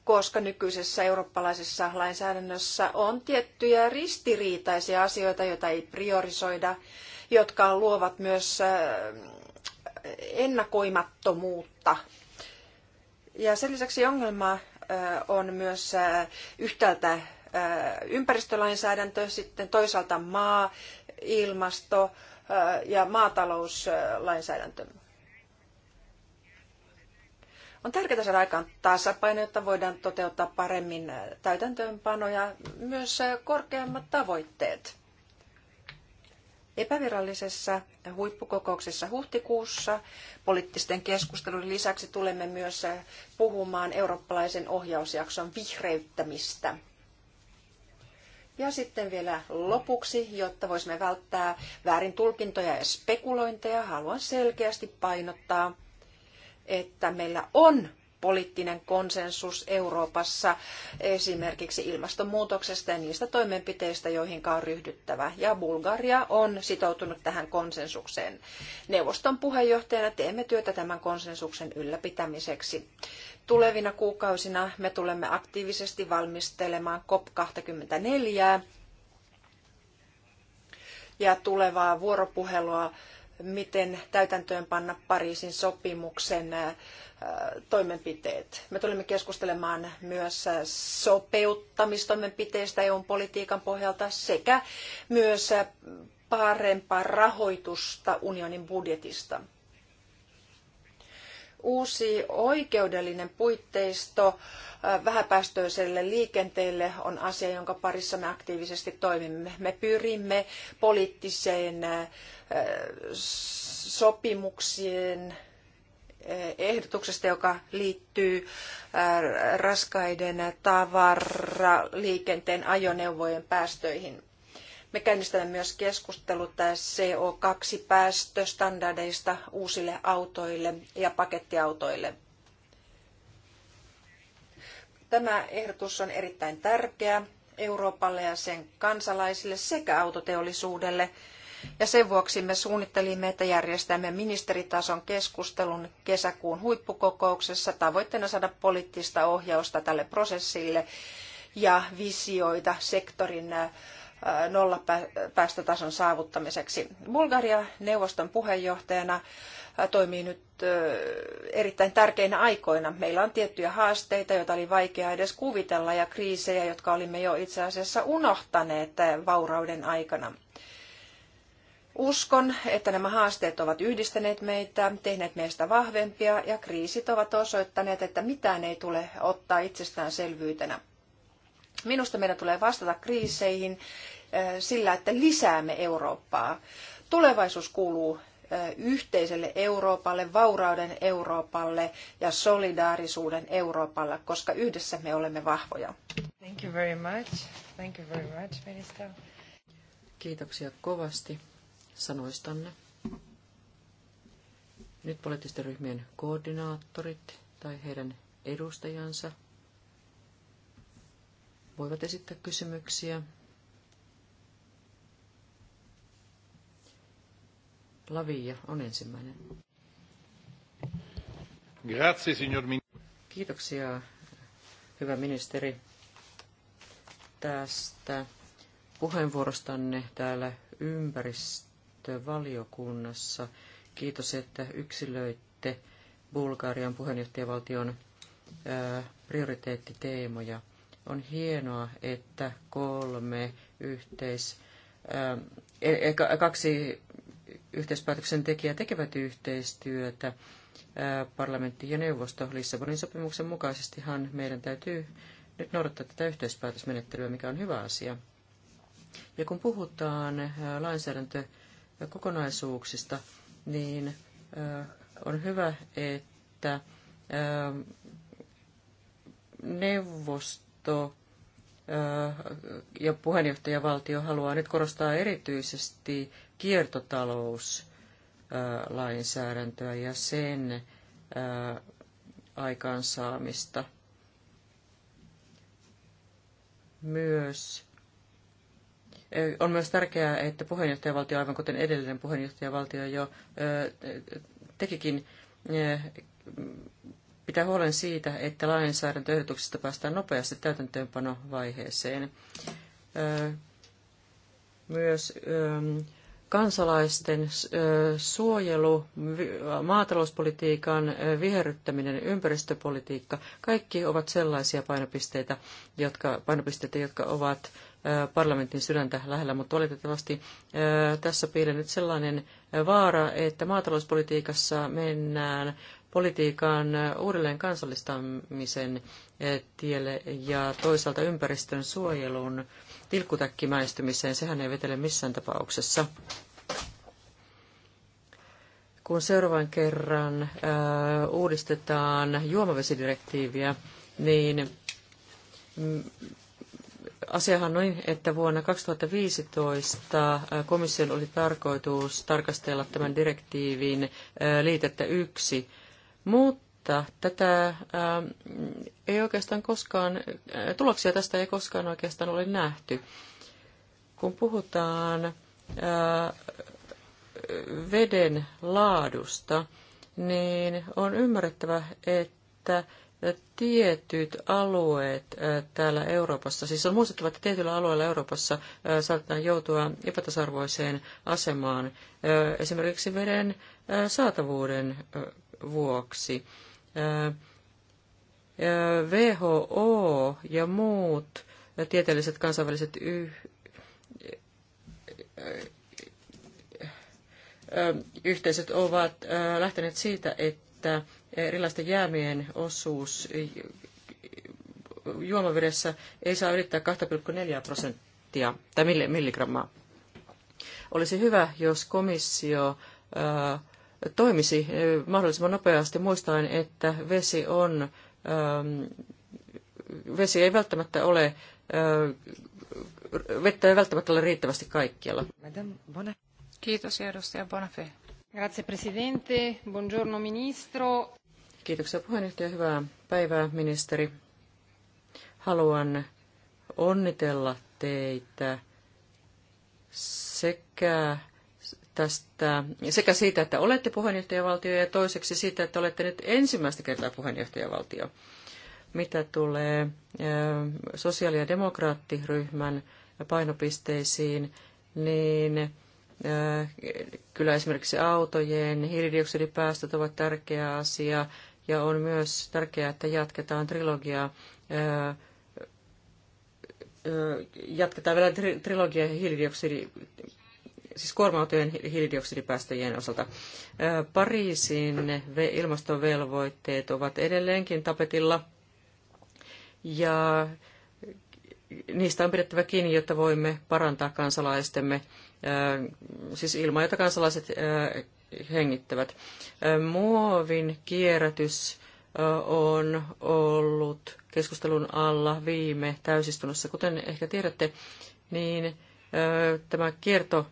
koska nykyisessä eurooppalaisessa lainsäädännössä on tiettyjä ristiriitaisia asioita, joita ei priorisoida, jotka luovat myös ennakoimattomuutta. Ja sen lisäksi ongelma on myös yhtäältä ympäristölainsäädäntö, sitten toisaalta maa, ilmasto ja maatalouslainsäädäntö. On tärkeää saada aikaan tasapaino, jotta voidaan toteuttaa paremmin täytäntöönpanoja, myös korkeammat tavoitteet. Epävirallisessa huippukokouksessa huhtikuussa poliittisten keskustelujen lisäksi tulemme myös puhumaan eurooppalaisen ohjausjakson vihreyttämistä. Ja sitten vielä lopuksi, jotta voisimme välttää väärin tulkintoja ja spekulointeja, haluan selkeästi painottaa, että meillä on poliittinen konsensus Euroopassa esimerkiksi ilmastonmuutoksesta ja niistä toimenpiteistä, joihin on ryhdyttävä. Ja Bulgaria on sitoutunut tähän konsensukseen. Neuvoston puheenjohtajana teemme työtä tämän konsensuksen ylläpitämiseksi. Tulevina kuukausina me tulemme aktiivisesti valmistelemaan COP24 ja tulevaa vuoropuhelua miten täytäntöönpanna Pariisin sopimuksen äh, toimenpiteet. Me tulemme keskustelemaan myös äh, sopeuttamistoimenpiteistä EU-politiikan pohjalta sekä myös äh, parempaa rahoitusta unionin budjetista uusi oikeudellinen puitteisto vähäpäästöiselle liikenteelle on asia, jonka parissa me aktiivisesti toimimme. Me pyrimme poliittiseen sopimuksien ehdotuksesta, joka liittyy raskaiden tavaraliikenteen ajoneuvojen päästöihin. Me käynnistämme myös keskustelut CO2-päästöstandardeista uusille autoille ja pakettiautoille. Tämä ehdotus on erittäin tärkeä Euroopalle ja sen kansalaisille sekä autoteollisuudelle. Ja sen vuoksi me suunnittelimme, että järjestämme ministeritason keskustelun kesäkuun huippukokouksessa tavoitteena saada poliittista ohjausta tälle prosessille ja visioita sektorin nollapäästötason saavuttamiseksi. Bulgaria neuvoston puheenjohtajana toimii nyt erittäin tärkeinä aikoina. Meillä on tiettyjä haasteita, joita oli vaikea edes kuvitella, ja kriisejä, jotka olimme jo itse asiassa unohtaneet vaurauden aikana. Uskon, että nämä haasteet ovat yhdistäneet meitä, tehneet meistä vahvempia ja kriisit ovat osoittaneet, että mitään ei tule ottaa itsestäänselvyytenä. Minusta meidän tulee vastata kriiseihin äh, sillä, että lisäämme Eurooppaa. Tulevaisuus kuuluu äh, yhteiselle Euroopalle, vaurauden Euroopalle ja solidaarisuuden Euroopalle, koska yhdessä me olemme vahvoja. Thank you very much. Thank you very much, minister. Kiitoksia kovasti sanoistanne. Nyt poliittisten ryhmien koordinaattorit tai heidän edustajansa voivat esittää kysymyksiä. Lavia on ensimmäinen. Grazie, signor Kiitoksia, hyvä ministeri, tästä puheenvuorostanne täällä ympäristövaliokunnassa. Kiitos, että yksilöitte Bulgarian puheenjohtajavaltion prioriteettiteemoja – on hienoa, että kolme yhteis, ää, e, e, kaksi yhteispäätöksen tekijää tekevät yhteistyötä. Ää, parlamentti ja neuvosto Lissabonin sopimuksen mukaisestihan meidän täytyy nyt noudattaa tätä yhteispäätösmenettelyä, mikä on hyvä asia. Ja kun puhutaan lainsäädäntökokonaisuuksista, niin on hyvä, että neuvosto neuvosto ja puheenjohtajavaltio haluaa nyt korostaa erityisesti kiertotalouslainsäädäntöä ja sen aikaansaamista. Myös on myös tärkeää, että puheenjohtajavaltio, aivan kuten edellinen puheenjohtajavaltio jo tekikin, pitää huolen siitä, että lainsäädäntöehdotuksesta päästään nopeasti täytäntöönpanovaiheeseen. Myös kansalaisten suojelu, maatalouspolitiikan viherryttäminen, ympäristöpolitiikka, kaikki ovat sellaisia painopisteitä, jotka, painopisteitä, jotka ovat parlamentin sydäntä lähellä, mutta valitettavasti tässä piilee nyt sellainen vaara, että maatalouspolitiikassa mennään politiikan uudelleen kansallistamisen eh, tielle ja toisaalta ympäristön suojelun tilkkutäkkimäistymiseen. Sehän ei vetele missään tapauksessa. Kun seuraavan kerran ö, eh, uudistetaan juomavesidirektiiviä, niin mm, asiahan on niin, että vuonna 2015 eh, komission oli tarkoitus tarkastella tämän direktiivin liitettä yksi mutta tätä ää, ähm, ei oikeastaan koskaan, ää, äh, tuloksia tästä ei koskaan oikeastaan ole nähty. Kun puhutaan ää, äh, veden laadusta, niin on ymmärrettävä, että tietyt alueet äh, täällä Euroopassa, siis on muistettava, että tietyillä alueilla Euroopassa saatetaan joutua epätasarvoiseen asemaan esimerkiksi veden saatavuuden vuoksi. WHO ja muut tieteelliset kansainväliset yh... yhteisöt ovat lähteneet siitä, että erilaisten jäämien osuus juomavedessä ei saa ylittää 2,4 prosenttia tai milligrammaa. Olisi hyvä, jos komissio toimisi eh, mahdollisimman nopeasti muistaen, että vesi on ähm, vesi ei välttämättä ole, äh, vettä ei välttämättä ole riittävästi kaikkialla. Kiitos edustaja Bonafé. Grazie presidente, buongiorno ministro. Kiitoksia puheenjohtaja, hyvää päivää ministeri. Haluan onnitella teitä sekä tästä, sekä siitä, että olette puheenjohtajavaltio ja toiseksi siitä, että olette nyt ensimmäistä kertaa puheenjohtajavaltio. Mitä tulee eh, sosiaali- ja demokraattiryhmän painopisteisiin, niin eh, kyllä esimerkiksi autojen hiilidioksidipäästöt ovat tärkeä asia ja on myös tärkeää, että jatketaan trilogiaa eh, jatketaan vielä trilogia hiilidioksidipäästöistä siis kuorma-autojen hiilidioksidipäästöjen osalta. Pariisin ilmastovelvoitteet ovat edelleenkin tapetilla ja niistä on pidettävä kiinni, jotta voimme parantaa kansalaistemme, siis ilmaa, jota kansalaiset hengittävät. Muovin kierrätys on ollut keskustelun alla viime täysistunnossa. Kuten ehkä tiedätte, niin tämä kierto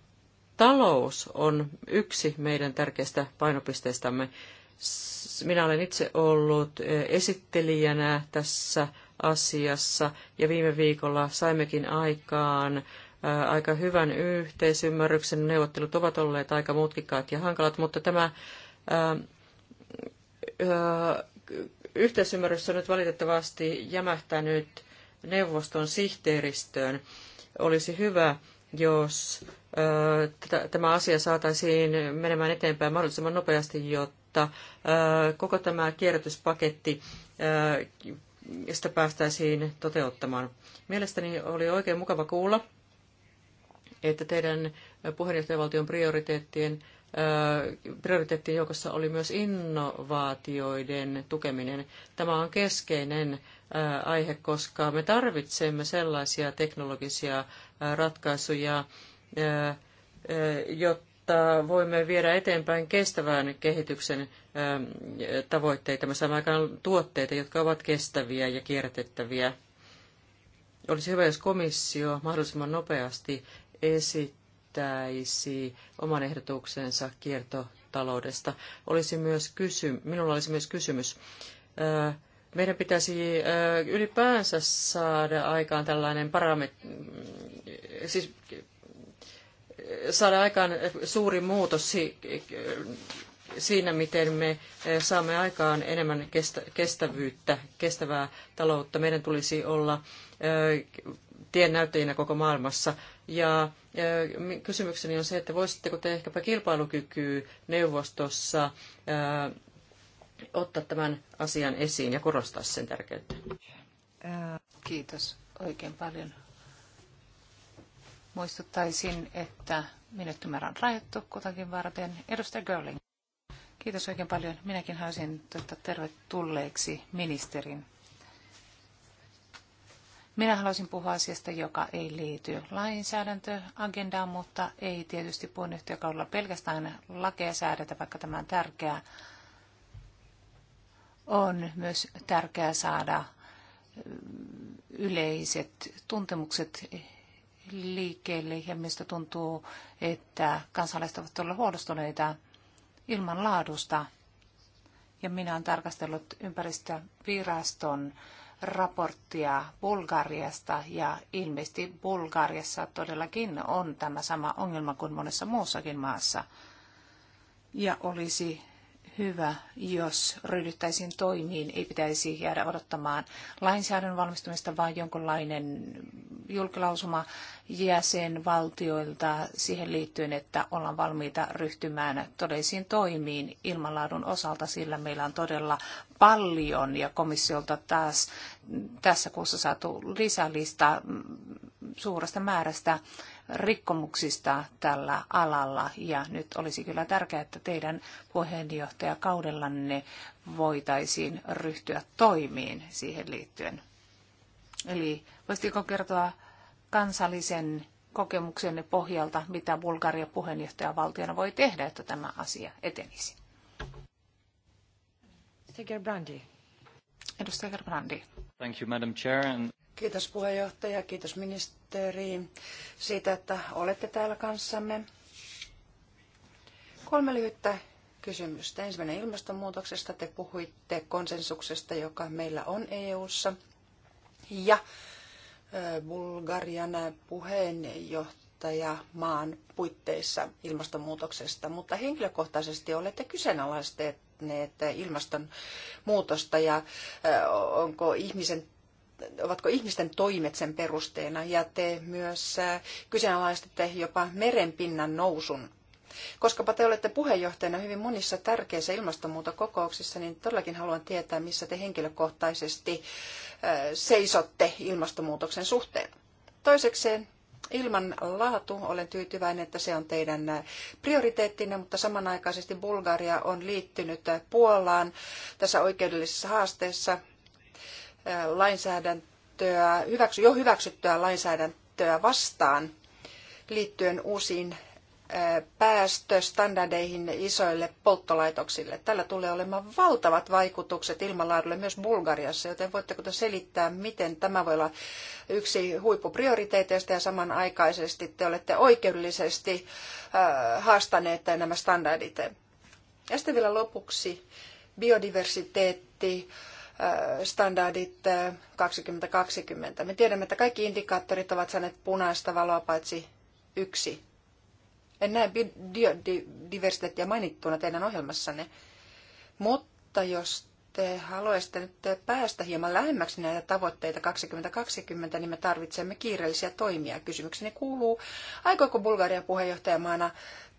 Talous on yksi meidän tärkeistä painopisteistämme. Minä olen itse ollut esittelijänä tässä asiassa ja viime viikolla saimmekin aikaan aika hyvän yhteisymmärryksen. Neuvottelut ovat olleet aika mutkikkaat ja hankalat, mutta tämä yhteisymmärrys on nyt valitettavasti jämähtänyt neuvoston sihteeristöön. Olisi hyvä, jos tämä asia saataisiin menemään eteenpäin mahdollisimman nopeasti, jotta koko tämä kierrätyspaketti sitä päästäisiin toteuttamaan. Mielestäni oli oikein mukava kuulla, että teidän puheenjohtajavaltion prioriteettien prioriteettien joukossa oli myös innovaatioiden tukeminen. Tämä on keskeinen aihe, koska me tarvitsemme sellaisia teknologisia ratkaisuja, jotta voimme viedä eteenpäin kestävän kehityksen tavoitteita. Me saamme aikaan tuotteita, jotka ovat kestäviä ja kierrätettäviä. Olisi hyvä, jos komissio mahdollisimman nopeasti esittää esittäisi oman ehdotuksensa kiertotaloudesta. Olisi myös kysy- minulla olisi myös kysymys. Meidän pitäisi ylipäänsä saada aikaan tällainen paramet... siis saada aikaan suuri muutos siinä, miten me saamme aikaan enemmän kestävyyttä, kestävää taloutta. Meidän tulisi olla tiennäyttäjinä koko maailmassa. Ja kysymykseni on se, että voisitteko te ehkäpä kilpailukykyneuvostossa ottaa tämän asian esiin ja korostaa sen tärkeyttä? Kiitos oikein paljon. Muistuttaisin, että minut on rajattu kutakin varten. Edustaja Görling. Kiitos oikein paljon. Minäkin haluaisin tervetulleeksi ministerin minä haluaisin puhua asiasta, joka ei liity lainsäädäntöagendaan, mutta ei tietysti puheenjohtajakaudella pelkästään lakeja säädetä, vaikka tämä on tärkeää. On myös tärkeää saada mm, yleiset tuntemukset liikkeelle ja mistä tuntuu, että kansalaiset ovat olla huolestuneita ilman laadusta. Ja minä olen tarkastellut ympäristöviraston raporttia Bulgariasta ja ilmeisesti Bulgariassa todellakin on tämä sama ongelma kuin monessa muussakin maassa. Ja olisi hyvä, jos ryhdyttäisiin toimiin. Ei pitäisi jäädä odottamaan lainsäädännön valmistumista, vaan jonkinlainen julkilausuma jäsenvaltioilta siihen liittyen, että ollaan valmiita ryhtymään todellisiin toimiin ilmanlaadun osalta, sillä meillä on todella paljon ja komissiolta taas tässä kuussa saatu lisälista suuresta määrästä rikkomuksista tällä alalla. Ja nyt olisi kyllä tärkeää, että teidän puheenjohtajakaudellanne voitaisiin ryhtyä toimiin siihen liittyen. Eli voisitko kertoa kansallisen kokemuksenne pohjalta, mitä Bulgaria puheenjohtajavaltiona voi tehdä, että tämä asia etenisi? Edustaja Gerbrandi. Thank you, Madam Chair. And... Kiitos puheenjohtaja, kiitos ministeri siitä, että olette täällä kanssamme. Kolme lyhyttä kysymystä. Ensimmäinen ilmastonmuutoksesta. Te puhuitte konsensuksesta, joka meillä on EU:ssa ja Bulgarian puheenjohtaja maan puitteissa ilmastonmuutoksesta, mutta henkilökohtaisesti olette kyseenalaistaneet ilmastonmuutosta ja onko ihmisen ovatko ihmisten toimet sen perusteena ja te myös äh, kyseenalaistatte jopa merenpinnan nousun. Koskapa te olette puheenjohtajana hyvin monissa tärkeissä ilmastonmuutokokouksissa, niin todellakin haluan tietää, missä te henkilökohtaisesti äh, seisotte ilmastonmuutoksen suhteen. Toisekseen Ilman laatu olen tyytyväinen, että se on teidän äh, prioriteettinne, mutta samanaikaisesti Bulgaria on liittynyt Puolaan tässä oikeudellisessa haasteessa lainsäädäntöä, hyväksy, jo hyväksyttyä lainsäädäntöä vastaan liittyen uusiin päästöstandardeihin isoille polttolaitoksille. Tällä tulee olemaan valtavat vaikutukset ilmanlaadulle myös Bulgariassa, joten voitteko te selittää, miten tämä voi olla yksi huippuprioriteeteista ja samanaikaisesti te olette oikeudellisesti haastaneet nämä standardit. Ja sitten vielä lopuksi biodiversiteetti standardit 2020. Eh, me tiedämme, että kaikki indikaattorit ovat saaneet punaista valoa paitsi yksi. En näe biodiversiteettiä mainittuna teidän ohjelmassanne, mutta jos te haluaisitte nyt päästä hieman lähemmäksi näitä tavoitteita 2020, niin me tarvitsemme kiireellisiä toimia. Kysymykseni kuuluu, aikooko Bulgaria puheenjohtajamaana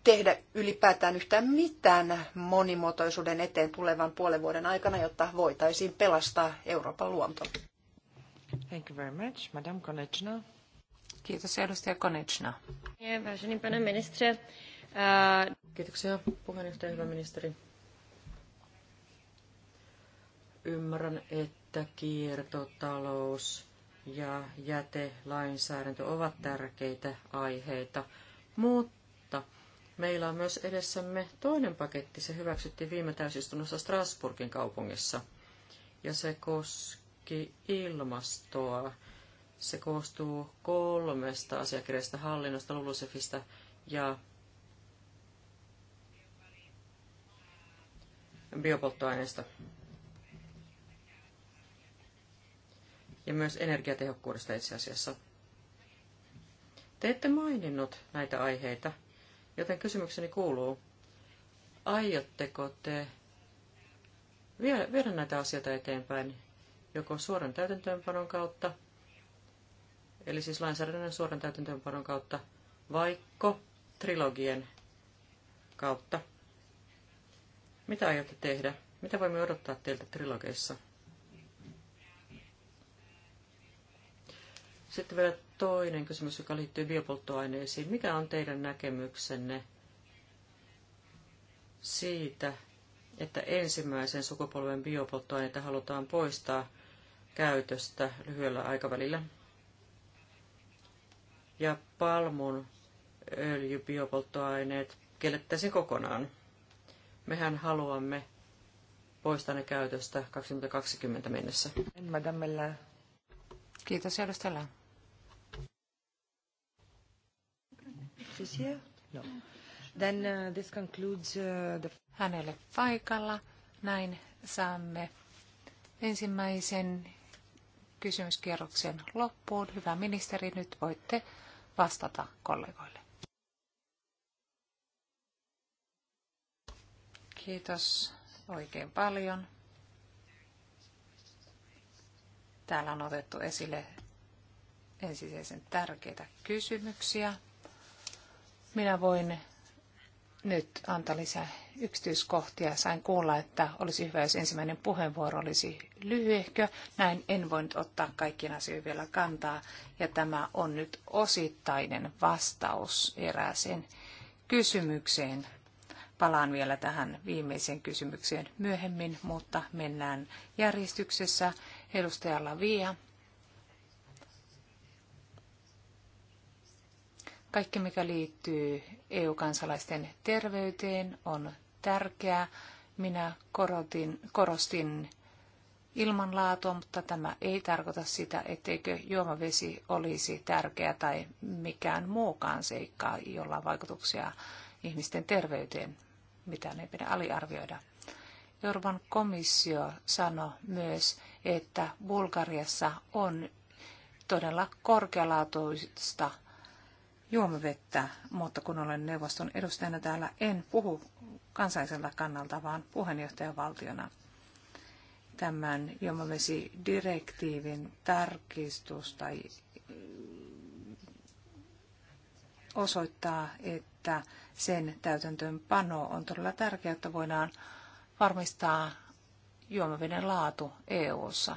tehdä ylipäätään yhtään mitään monimuotoisuuden eteen tulevan puolen vuoden aikana, jotta voitaisiin pelastaa Euroopan luonto. Thank you very much. Madame Konechna. Kiitos, edustaja Konechna. Vážený pane ministře. Eh, Kiitoksia, puheenjohtaja, hyvä ministeri. Ymmärrän, että kiertotalous ja jätelainsäädäntö ovat tärkeitä aiheita, mutta Meillä on myös edessämme toinen paketti. Se hyväksyttiin viime täysistunnossa Strasburgin kaupungissa. Ja se koski ilmastoa. Se koostuu kolmesta asiakirjasta, hallinnosta, LULUSEFistä ja biopolttoaineista. Ja myös energiatehokkuudesta itse asiassa. Te ette maininnut näitä aiheita Joten kysymykseni kuuluu, aiotteko te viedä, viedä näitä asioita eteenpäin joko suoran täytäntöönpanon kautta, eli siis lainsäädännön suoran täytäntöönpanon kautta, vaikko trilogien kautta? Mitä aiotte tehdä? Mitä voimme odottaa teiltä trilogeissa? Sitten vielä toinen kysymys, joka liittyy biopolttoaineisiin. Mikä on teidän näkemyksenne siitä, että ensimmäisen sukupolven biopolttoaineita halutaan poistaa käytöstä lyhyellä aikavälillä? Ja palmun öljybiopolttoaineet kiellettäisiin kokonaan. Mehän haluamme poistaa ne käytöstä 2020 mennessä. En Kiitos edustajalla. No. Then uh, this concludes uh, the... Hänelle paikalla. Näin saamme ensimmäisen kysymyskierroksen loppuun. Hyvä ministeri, nyt voitte vastata kollegoille. Kiitos oikein paljon. Täällä on otettu esille ensisijaisen tärkeitä kysymyksiä. Minä voin nyt antaa lisää yksityiskohtia. Sain kuulla, että olisi hyvä, jos ensimmäinen puheenvuoro olisi lyhyehkö. Näin en voinut ottaa kaikkien asioihin vielä kantaa. Ja tämä on nyt osittainen vastaus erääseen kysymykseen. Palaan vielä tähän viimeiseen kysymykseen myöhemmin, mutta mennään järjestyksessä. Edustajalla Via. Kaikki, mikä liittyy EU-kansalaisten terveyteen, on tärkeää. Minä korotin, korostin ilmanlaatua, mutta tämä ei tarkoita sitä, etteikö juomavesi olisi tärkeä tai mikään muukaan seikka, jolla on vaikutuksia ihmisten terveyteen, mitä ei pidä aliarvioida. Euroopan komissio sanoi myös, että Bulgariassa on todella korkealaatuista juomavettä, mutta kun olen neuvoston edustajana täällä, en puhu kansallisella kannalta, vaan puheenjohtajavaltiona. Tämän juomavesidirektiivin tarkistus tai osoittaa, että sen täytäntöönpano on todella tärkeää, että voidaan varmistaa juomaveden laatu EU:ssa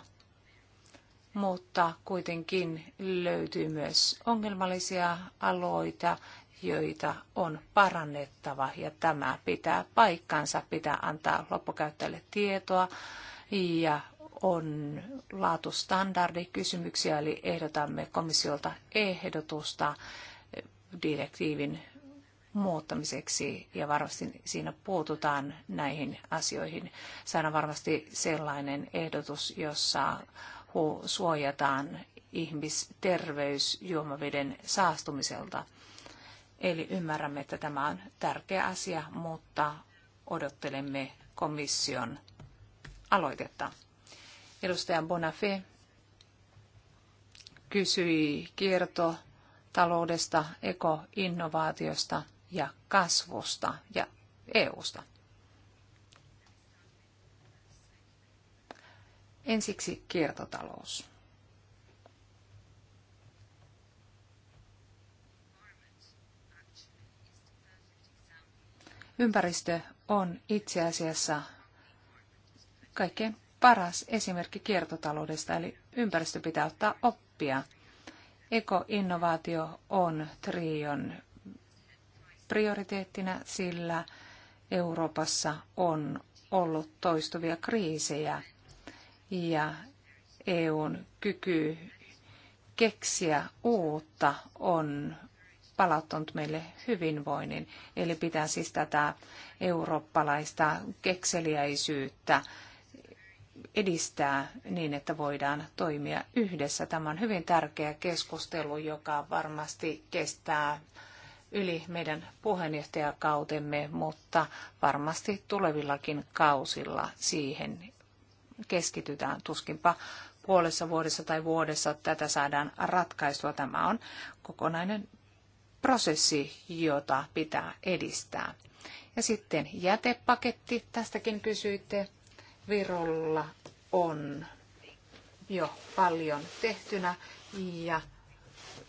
mutta kuitenkin löytyy myös ongelmallisia aloita, joita on parannettava ja tämä pitää paikkansa, pitää antaa loppukäyttäjälle tietoa ja on laatustandardikysymyksiä, eli ehdotamme komissiolta ehdotusta direktiivin muuttamiseksi ja varmasti siinä puututaan näihin asioihin. Saadaan varmasti sellainen ehdotus, jossa suojataan juomaveden saastumiselta. Eli ymmärrämme, että tämä on tärkeä asia, mutta odottelemme komission aloitetta. Edustaja Bonafé kysyi kiertotaloudesta, ekoinnovaatiosta ja kasvusta ja EUsta. Ensiksi kiertotalous. Ympäristö on itse asiassa kaikkein paras esimerkki kiertotaloudesta, eli ympäristö pitää ottaa oppia. Ekoinnovaatio on trion prioriteettina, sillä Euroopassa on ollut toistuvia kriisejä ja EUn kyky keksiä uutta on palauttanut meille hyvinvoinnin. Eli pitää siis tätä eurooppalaista kekseliäisyyttä edistää niin, että voidaan toimia yhdessä. Tämä on hyvin tärkeä keskustelu, joka varmasti kestää yli meidän puheenjohtajakautemme, mutta varmasti tulevillakin kausilla siihen keskitytään. Tuskinpa puolessa vuodessa tai vuodessa tätä saadaan ratkaistua. Tämä on kokonainen prosessi, jota pitää edistää. Ja sitten jätepaketti, tästäkin kysyitte. Virolla on jo paljon tehtynä ja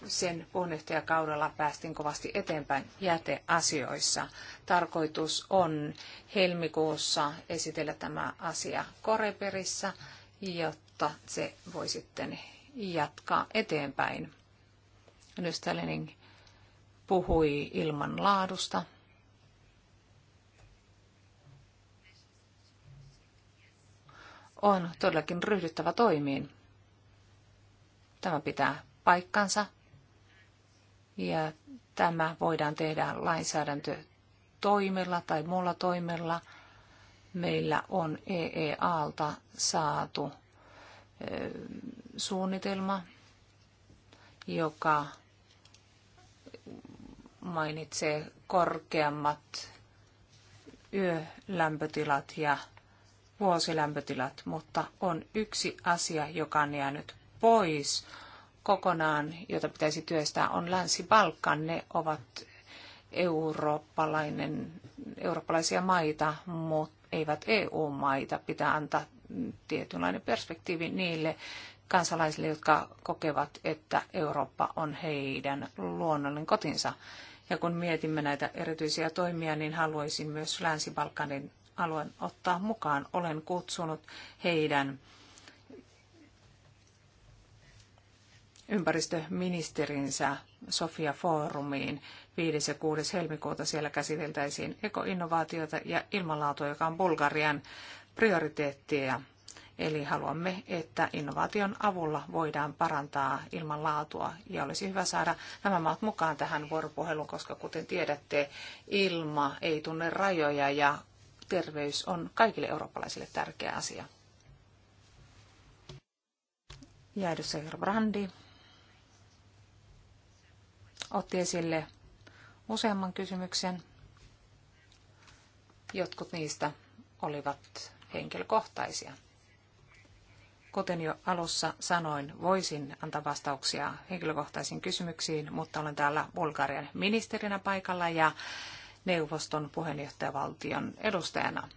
sen puheenjohtajakaudella päästiin kovasti eteenpäin jäteasioissa. Tarkoitus on helmikuussa esitellä tämä asia Koreperissä, jotta se voi sitten jatkaa eteenpäin. Nystelening puhui ilman laadusta. On todellakin ryhdyttävä toimiin. Tämä pitää paikkansa. Ja tämä voidaan tehdä lainsäädäntötoimella tai muulla toimella. Meillä on EEAlta saatu suunnitelma, joka mainitsee korkeammat yölämpötilat ja vuosilämpötilat, mutta on yksi asia, joka on jäänyt pois kokonaan, jota pitäisi työstää, on Länsi-Balkan. Ne ovat eurooppalainen, eurooppalaisia maita, mutta eivät EU-maita. Pitää antaa tietynlainen perspektiivi niille kansalaisille, jotka kokevat, että Eurooppa on heidän luonnollinen kotinsa. Ja kun mietimme näitä erityisiä toimia, niin haluaisin myös Länsi-Balkanin alueen ottaa mukaan. Olen kutsunut heidän ympäristöministerinsä Sofia Forumiin 5. ja 6. helmikuuta. Siellä käsiteltäisiin ekoinnovaatioita ja ilmanlaatua, joka on Bulgarian prioriteettia. Eli haluamme, että innovaation avulla voidaan parantaa ilmanlaatua ja olisi hyvä saada nämä maat mukaan tähän vuoropuheluun, koska kuten tiedätte, ilma ei tunne rajoja ja terveys on kaikille eurooppalaisille tärkeä asia. Ja edustaja Brandi otti esille useamman kysymyksen. Jotkut niistä olivat henkilökohtaisia. Kuten jo alussa sanoin, voisin antaa vastauksia henkilökohtaisiin kysymyksiin, mutta olen täällä Bulgarian ministerinä paikalla ja neuvoston puheenjohtajavaltion edustajana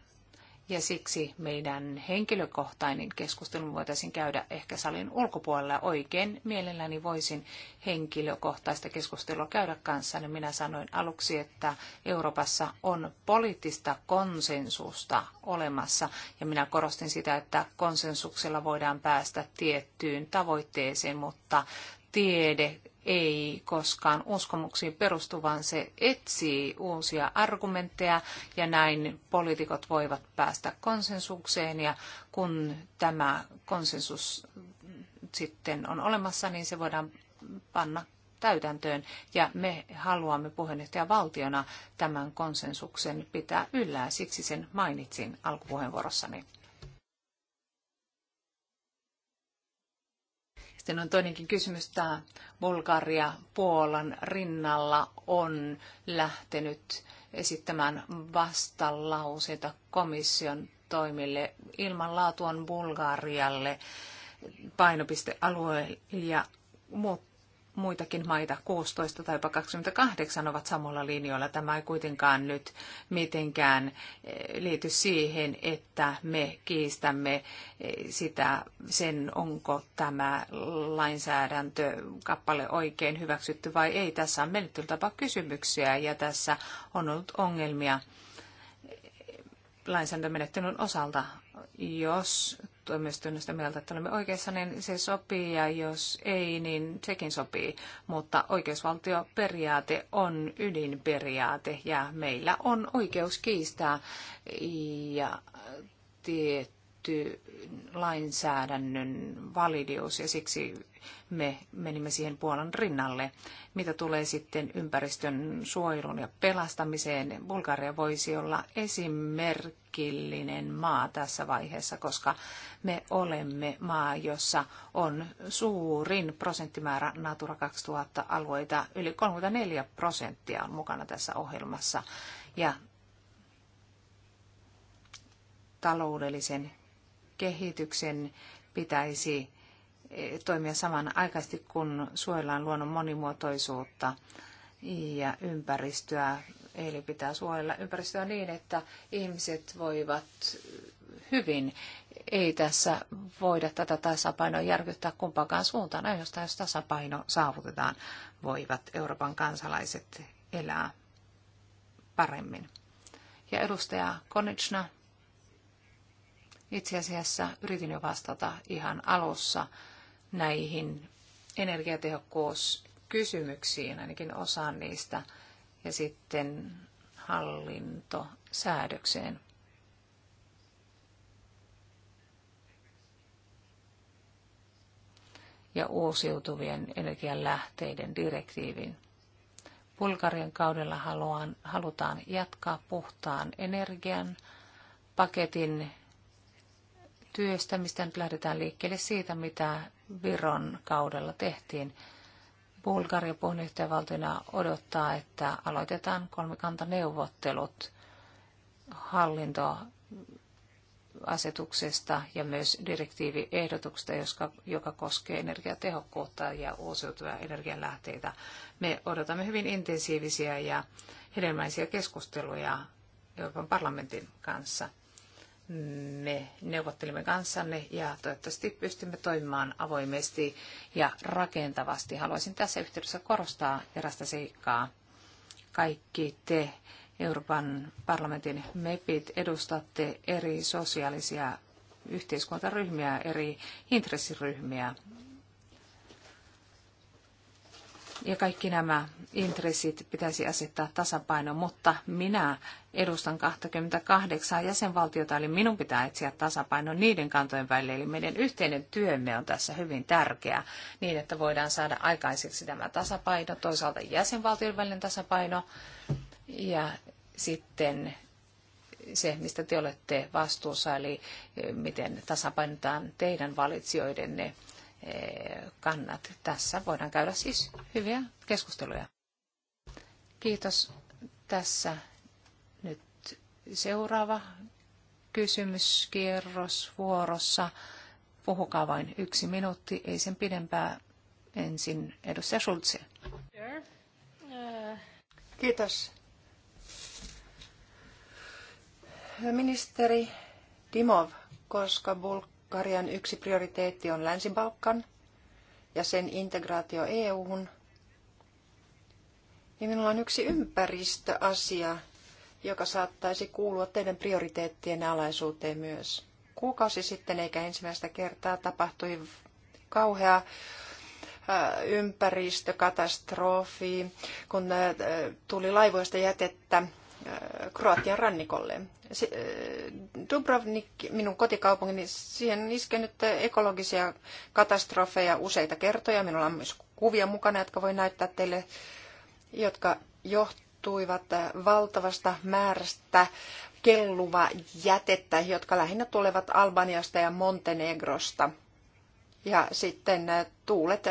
ja siksi meidän henkilökohtainen keskustelu voitaisiin käydä ehkä salin ulkopuolella. Oikein mielelläni voisin henkilökohtaista keskustelua käydä kanssa. Niin minä sanoin aluksi, että Euroopassa on poliittista konsensusta olemassa ja minä korostin sitä, että konsensuksella voidaan päästä tiettyyn tavoitteeseen, mutta tiede ei koskaan uskomuksiin perustu, vaan se etsii uusia argumentteja ja näin poliitikot voivat päästä konsensukseen ja kun tämä konsensus sitten on olemassa, niin se voidaan panna täytäntöön ja me haluamme puheenjohtajavaltiona tämän konsensuksen pitää yllä, siksi sen mainitsin alkupuheenvuorossani. Sitten on toinenkin kysymys, tämä Bulgaria Puolan rinnalla on lähtenyt esittämään vastalauseita komission toimille. ilman on Bulgarialle painopistealueelle, ja, mutta muitakin maita, 16 tai 28 ovat samalla linjoilla. Tämä ei kuitenkaan nyt mitenkään eh, liity siihen, että me kiistämme eh, sitä, sen onko tämä lainsäädäntö kappale oikein hyväksytty vai ei. Tässä on menettelytapa kysymyksiä ja tässä on ollut ongelmia eh, lainsäädäntömenettelyn osalta, jos tuomioistuin sitä mieltä, että olemme oikeassa, niin se sopii ja jos ei, niin sekin sopii. Mutta oikeusvaltioperiaate on ydinperiaate ja meillä on oikeus kiistää ja tietää tietty lainsäädännön validius ja siksi me menimme siihen Puolan rinnalle. Mitä tulee sitten ympäristön suojeluun ja pelastamiseen, Bulgaria voisi olla esimerkillinen maa tässä vaiheessa, koska me olemme maa, jossa on suurin prosenttimäärä Natura 2000-alueita, yli 34 prosenttia on mukana tässä ohjelmassa. Ja taloudellisen kehityksen pitäisi eh, toimia samanaikaisesti, kun suojellaan luonnon monimuotoisuutta ja ympäristöä. Eli pitää suojella ympäristöä niin, että ihmiset voivat hyvin. Ei tässä voida tätä tasapainoa järkyttää kumpaakaan suuntaan. Ainoastaan jos tasapaino saavutetaan, voivat Euroopan kansalaiset elää paremmin. Ja edustaja Konitsna itse asiassa yritin jo vastata ihan alussa näihin energiatehokkuuskysymyksiin, ainakin osaan niistä, ja sitten hallintosäädökseen. ja uusiutuvien energianlähteiden direktiivin. Bulgarian kaudella haluan, halutaan jatkaa puhtaan energian paketin mistä Nyt lähdetään liikkeelle siitä, mitä Viron kaudella tehtiin. Bulgaria puheenjohtajavaltiona odottaa, että aloitetaan kolmikantaneuvottelut hallintoasetuksesta ja myös direktiiviehdotuksesta, joka koskee energiatehokkuutta ja uusiutuvia energianlähteitä. Me odotamme hyvin intensiivisiä ja hedelmäisiä keskusteluja Euroopan parlamentin kanssa me neuvottelimme kanssanne ja toivottavasti pystymme toimimaan avoimesti ja rakentavasti. Haluaisin tässä yhteydessä korostaa erästä seikkaa. Kaikki te Euroopan parlamentin MEPit edustatte eri sosiaalisia yhteiskuntaryhmiä, eri intressiryhmiä Ja kaikki nämä intressit pitäisi asettaa tasapainoon, mutta minä edustan 28 jäsenvaltiota, eli minun pitää etsiä tasapaino niiden kantojen välillä. Eli meidän yhteinen työmme on tässä hyvin tärkeä, niin että voidaan saada aikaiseksi tämä tasapaino, toisaalta jäsenvaltioiden välinen tasapaino ja sitten se, mistä te olette vastuussa, eli miten tasapainotaan teidän valitsijoidenne Eh, kannat. Tässä voidaan käydä siis hyviä keskusteluja. Kiitos. Tässä nyt seuraava kysymyskierros vuorossa. Puhukaa vain yksi minuutti, ei sen pidempää. Ensin edustaja Schulze. Kiitos. Ministeri Dimov, koska Bulk Bulgarian yksi prioriteetti on Länsi-Balkan ja sen integraatio EU-hun. Ja minulla on yksi ympäristöasia, joka saattaisi kuulua teidän prioriteettien alaisuuteen myös. Kuukausi sitten eikä ensimmäistä kertaa tapahtui kauhea äh, ympäristökatastrofi, kun äh, tuli laivoista jätettä Kroatian rannikolle. Äh, Dubrovnik, minun kotikaupungini, siihen on iskenyt ekologisia katastrofeja useita kertoja. Minulla on myös kuvia mukana, jotka voi näyttää teille, jotka johtuivat valtavasta määrästä kelluva jätettä, jotka lähinnä tulevat Albaniasta ja Montenegrosta – ja sitten äh, tuulet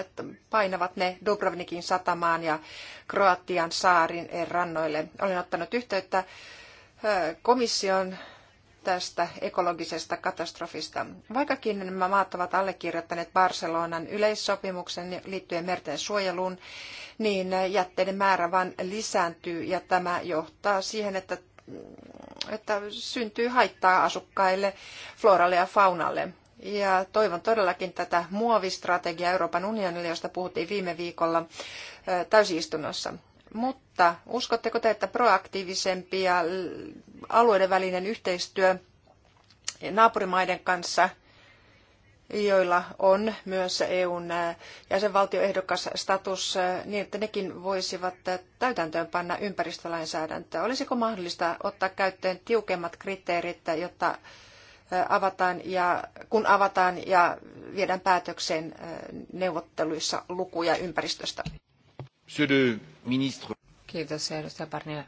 painavat ne Dubrovnikin satamaan ja Kroatian saarin rannoille. Olen ottanut yhteyttä äh, komission tästä ekologisesta katastrofista. Vaikkakin nämä maat ovat allekirjoittaneet Barcelonan yleissopimuksen liittyen merten suojeluun, niin äh, jätteiden määrä vain lisääntyy ja tämä johtaa siihen, että, että syntyy haittaa asukkaille, floralle ja faunalle. Ja toivon todellakin tätä muovistrategiaa Euroopan unionille, josta puhuttiin viime viikolla täysistunnossa. Mutta uskotteko te, että proaktiivisempi ja alueiden välinen yhteistyö naapurimaiden kanssa, joilla on myös EUn jäsenvaltioehdokas status, niin että nekin voisivat täytäntöönpanna ympäristölainsäädäntöä. Olisiko mahdollista ottaa käyttöön tiukemmat kriteerit, jotta avataan ja, kun avataan ja viedään päätökseen neuvotteluissa lukuja ympäristöstä. Kiitos, edustaja Barnier.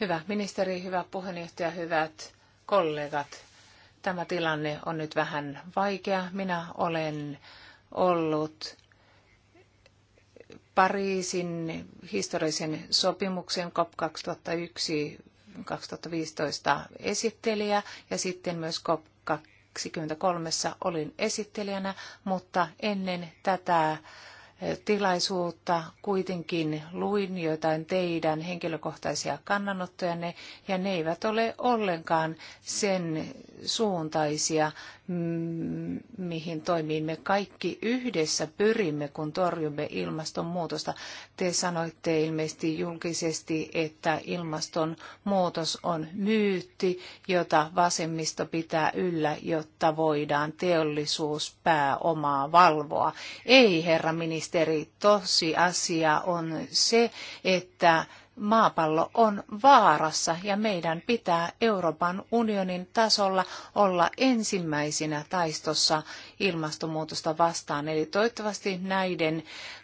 Hyvä ministeri, hyvä puheenjohtaja, hyvät kollegat. Tämä tilanne on nyt vähän vaikea. Minä olen ollut Pariisin historiallisen sopimuksen COP 2001 2015 esittelijä ja sitten myös COP23 olin esittelijänä, mutta ennen tätä eh, tilaisuutta kuitenkin luin jotain teidän henkilökohtaisia kannanottojanne ja ne eivät ole ollenkaan sen suuntaisia, mihin toimiin me kaikki yhdessä pyrimme, kun torjumme ilmastonmuutosta. Te sanoitte ilmeisesti julkisesti, että ilmastonmuutos on myytti, jota vasemmisto pitää yllä, jotta voidaan teollisuuspääomaa valvoa. Ei, herra ministeri, tosi asia on se, että maapallo on vaarassa ja meidän pitää Euroopan unionin tasolla olla ensimmäisinä taistossa ilmastonmuutosta vastaan. Eli toivottavasti näiden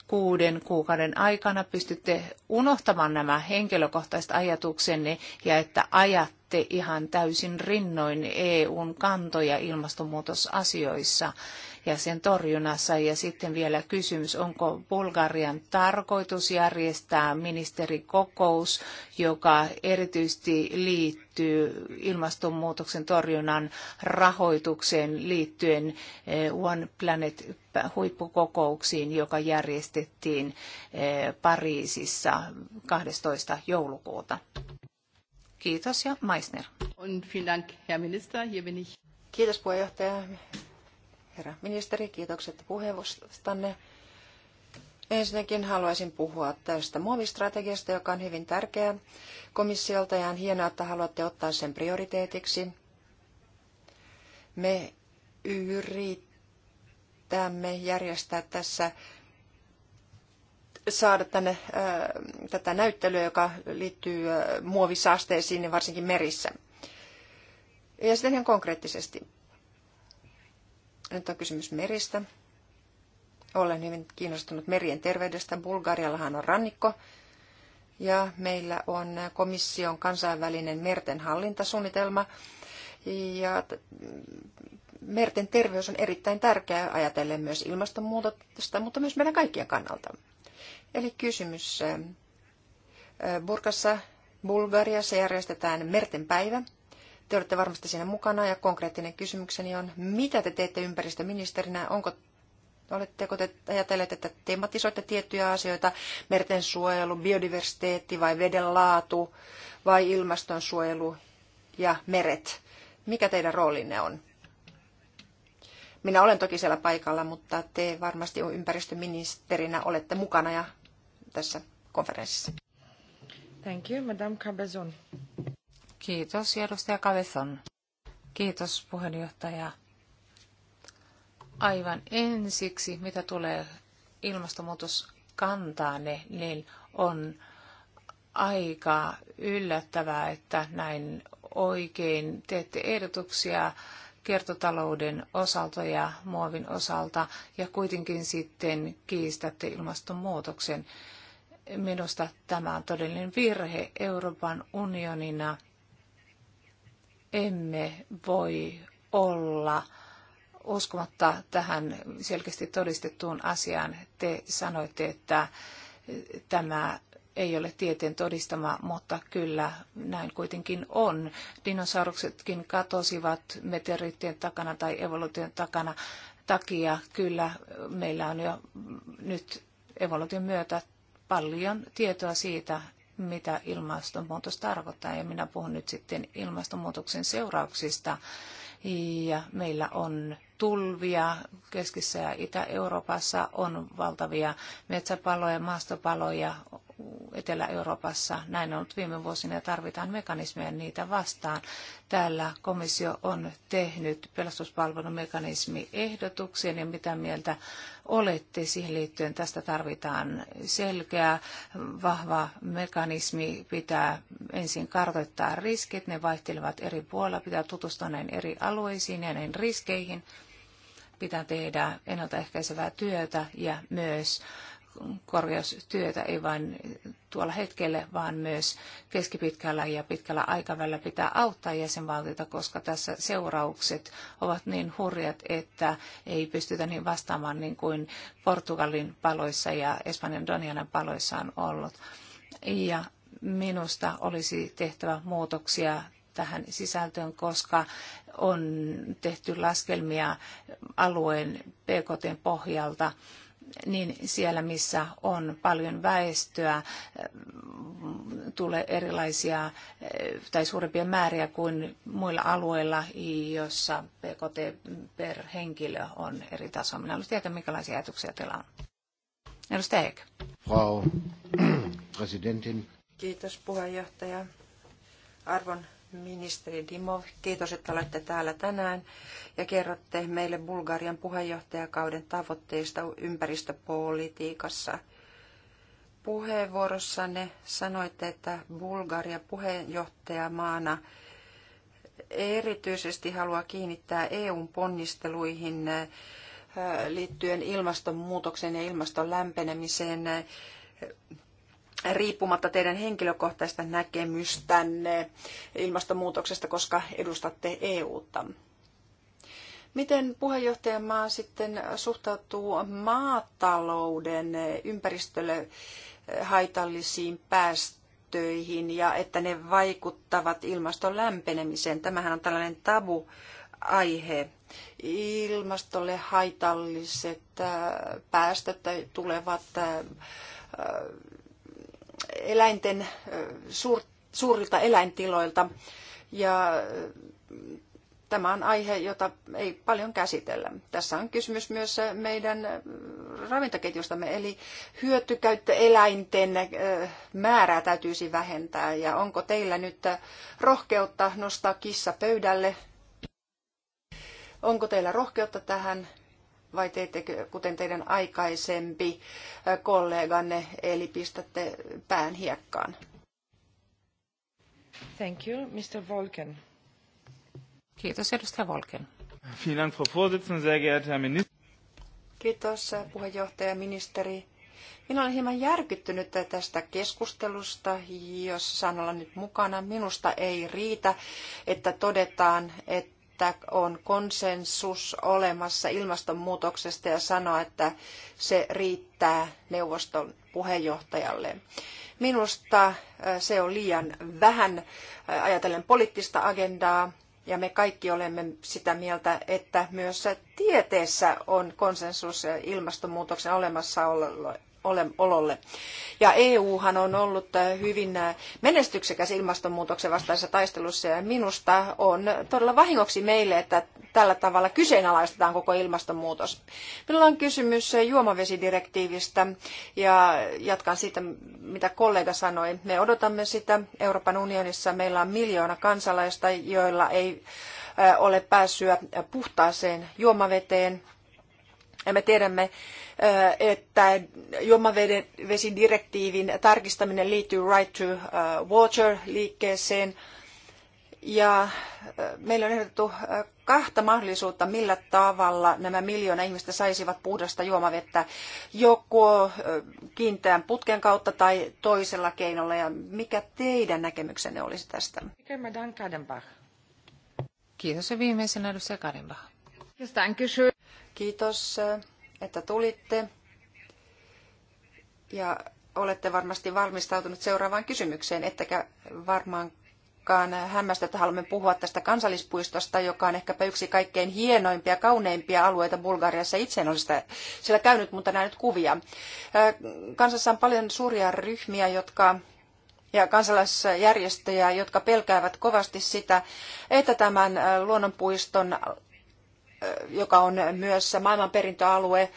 kuuden kuukauden aikana pystytte unohtamaan nämä henkilökohtaiset ajatuksenne ja että ajatte ihan täysin rinnoin EUn kantoja ilmastonmuutosasioissa ja sen torjunnassa. Ja sitten vielä kysymys, onko Bulgarian tarkoitus järjestää ministerikokous, joka erityisesti liittyy ilmastonmuutoksen torjunnan rahoitukseen liittyen eh, One Planet huippukokouksiin, joka järjestettiin eh, Pariisissa 12. joulukuuta. Kiitos ja Meissner. Kiitos puheenjohtaja herra ministeri, kiitokset puheenvuorostanne. Ensinnäkin haluaisin puhua tästä muovistrategiasta, joka on hyvin tärkeä komissiolta ja on hienoa, että haluatte ottaa sen prioriteetiksi. Me yritämme järjestää tässä saada tänne äh, tätä näyttelyä, joka liittyy ää, äh, muovisaasteisiin ja varsinkin merissä. Ja sitten ihan konkreettisesti. Nyt on kysymys meristä. Olen hyvin kiinnostunut merien terveydestä. Bulgariallahan on rannikko. Ja meillä on komission kansainvälinen merten hallintasuunnitelma. Ja merten terveys on erittäin tärkeää ajatellen myös ilmastonmuutosta, mutta myös meidän kaikkien kannalta. Eli kysymys. Burkassa Bulgariassa järjestetään merten päivä te olette varmasti siinä mukana ja konkreettinen kysymykseni on, mitä te teette ympäristöministerinä? Onko, oletteko te ajatelleet, että tematisoitte tiettyjä asioita, merten suojelu, biodiversiteetti vai veden laatu vai ilmastonsuojelu ja meret? Mikä teidän roolinne on? Minä olen toki siellä paikalla, mutta te varmasti ympäristöministerinä olette mukana ja tässä konferenssissa. Thank you, Madame Cabezon. Kiitos, edustaja Kavethon. Kiitos, puheenjohtaja. Aivan ensiksi, mitä tulee ilmastonmuutoskantaanne, niin on aika yllättävää, että näin oikein teette ehdotuksia kiertotalouden osalta ja muovin osalta ja kuitenkin sitten kiistätte ilmastonmuutoksen. Minusta tämä on todellinen virhe Euroopan unionina emme voi olla uskomatta tähän selkeästi todistettuun asiaan. Te sanoitte, että tämä ei ole tieteen todistama, mutta kyllä näin kuitenkin on. Dinosauruksetkin katosivat meteoriittien takana tai evoluution takana takia. Kyllä meillä on jo nyt evoluution myötä paljon tietoa siitä, mitä ilmastonmuutos tarkoittaa. Ja minä puhun nyt sitten ilmastonmuutoksen seurauksista. Ja meillä on tulvia keskissä ja Itä-Euroopassa, on valtavia metsäpaloja, maastopaloja, Etelä-Euroopassa. Näin on ollut viime vuosina ja tarvitaan mekanismeja niitä vastaan. Täällä komissio on tehnyt pelastuspalvelun ja mitä mieltä olette siihen liittyen. Tästä tarvitaan selkeä, vahva mekanismi. Pitää ensin kartoittaa riskit, ne vaihtelevat eri puolilla, pitää tutustua näihin eri alueisiin ja näihin riskeihin pitää tehdä ennaltaehkäisevää työtä ja myös korjaustyötä, ei vain tuolla hetkelle, vaan myös keskipitkällä ja pitkällä aikavälillä pitää auttaa jäsenvaltiota, koska tässä seuraukset ovat niin hurjat, että ei pystytä niin vastaamaan niin kuin Portugalin paloissa ja Espanjan Donianan paloissa on ollut. Ja minusta olisi tehtävä muutoksia tähän sisältöön, koska on tehty laskelmia alueen PKT pohjalta niin siellä missä on paljon väestöä, eh, tulee erilaisia eh, tai suurempia määriä kuin muilla alueilla, jossa PKT per henkilö on eri taso. Minä haluaisin tietää, minkälaisia ajatuksia teillä on. Edustaja Eik. Frau *clears throat* Presidentin. Kiitos puheenjohtaja. Arvon ministeri Dimov, kiitos, että olette täällä tänään ja kerrotte meille Bulgarian puheenjohtajakauden tavoitteista ympäristöpolitiikassa. Puheenvuorossanne sanoitte, että Bulgaria puheenjohtajamaana erityisesti haluaa kiinnittää EUn ponnisteluihin äh, liittyen ilmastonmuutokseen ja ilmaston lämpenemiseen riippumatta teidän henkilökohtaista näkemystänne ilmastonmuutoksesta, koska edustatte EUta. Miten puheenjohtajamaa sitten suhtautuu maatalouden ympäristölle haitallisiin päästöihin ja että ne vaikuttavat ilmaston lämpenemiseen? Tämähän on tällainen tabu aihe. Ilmastolle haitalliset äh, päästöt tulevat äh, eläinten suur, suurilta eläintiloilta. Ja tämä on aihe, jota ei paljon käsitellä. Tässä on kysymys myös meidän ravintoketjustamme, eli hyötykäyttöeläinten määrää täytyisi vähentää. Ja onko teillä nyt rohkeutta nostaa kissa pöydälle? Onko teillä rohkeutta tähän? vai teettekö kuten teidän aikaisempi kolleganne, eli pistätte pään hiekkaan? Thank you, Mr. Volken. Kiitos, edustaja Volken. Kiitos, puheenjohtaja ministeri. Minä olen hieman järkyttynyt tästä keskustelusta, jos saan olla nyt mukana. Minusta ei riitä, että todetaan, että että on konsensus olemassa ilmastonmuutoksesta ja sanoa, että se riittää neuvoston puheenjohtajalle. Minusta äh, se on liian vähän äh, ajatellen poliittista agendaa ja me kaikki olemme sitä mieltä, että myös tieteessä on konsensus äh, ilmastonmuutoksen olemassaololle olemassaololle. Ja EUhan on ollut äh, hyvin äh, menestyksekäs ilmastonmuutoksen vastaisessa taistelussa ja minusta on todella vahingoksi meille, että tällä tavalla kyseenalaistetaan koko ilmastonmuutos. Minulla on kysymys äh, juomavesidirektiivistä ja jatkan siitä, mitä kollega sanoi. Me odotamme sitä. Euroopan unionissa meillä on miljoona kansalaista, joilla ei ole pääsyä puhtaaseen juomaveteen. Ja me tiedämme, että juomaveden direktiivin tarkistaminen liittyy Right to Water liikkeeseen. Ja meillä on ehdotettu kahta mahdollisuutta, millä tavalla nämä miljoona ihmistä saisivat puhdasta juomavettä joko kiinteän putken kautta tai toisella keinolla. Ja mikä teidän näkemyksenne olisi tästä? Kiitos ja viimeisenä edustaja Kadenbach. Kiitos että tulitte. Ja olette varmasti valmistautunut seuraavaan kysymykseen, ettekä varmaankaan hämmästä, että haluamme puhua tästä kansallispuistosta, joka on ehkäpä yksi kaikkein hienoimpia, kauneimpia alueita Bulgariassa. Itse en ole sitä siellä käynyt, mutta näen nyt kuvia. Kansassa on paljon suuria ryhmiä, jotka ja kansalaisjärjestöjä, jotka pelkäävät kovasti sitä, että tämän luonnonpuiston joka on myös maailmanperintöalue,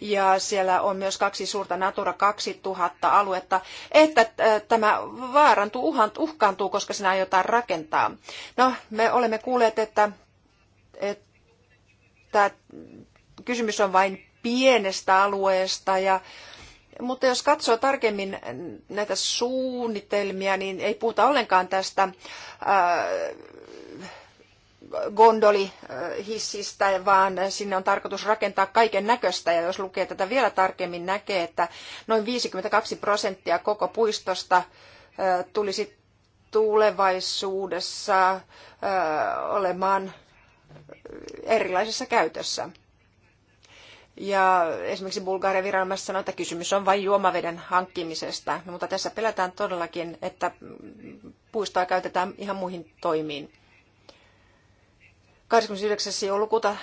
ja siellä on myös kaksi suurta Natura 2000 aluetta, että äh, tämä vaarantuu, uhkaantuu, koska sinä aiotaan rakentaa. No, me olemme kuulleet, että, että kysymys on vain pienestä alueesta ja mutta jos katsoo tarkemmin näitä suunnitelmia, niin ei puhuta ollenkaan tästä ää, äh, gondolihissistä, vaan sinne on tarkoitus rakentaa kaiken näköistä. Ja jos lukee tätä vielä tarkemmin, näkee, että noin 52 prosenttia koko puistosta tulisi tulevaisuudessa olemaan erilaisessa käytössä. Ja esimerkiksi Bulgarian viranomaiset sanoivat, että kysymys on vain juomaveden hankkimisesta, no, mutta tässä pelätään todellakin, että puistoa käytetään ihan muihin toimiin. 29. joulukuuta äh,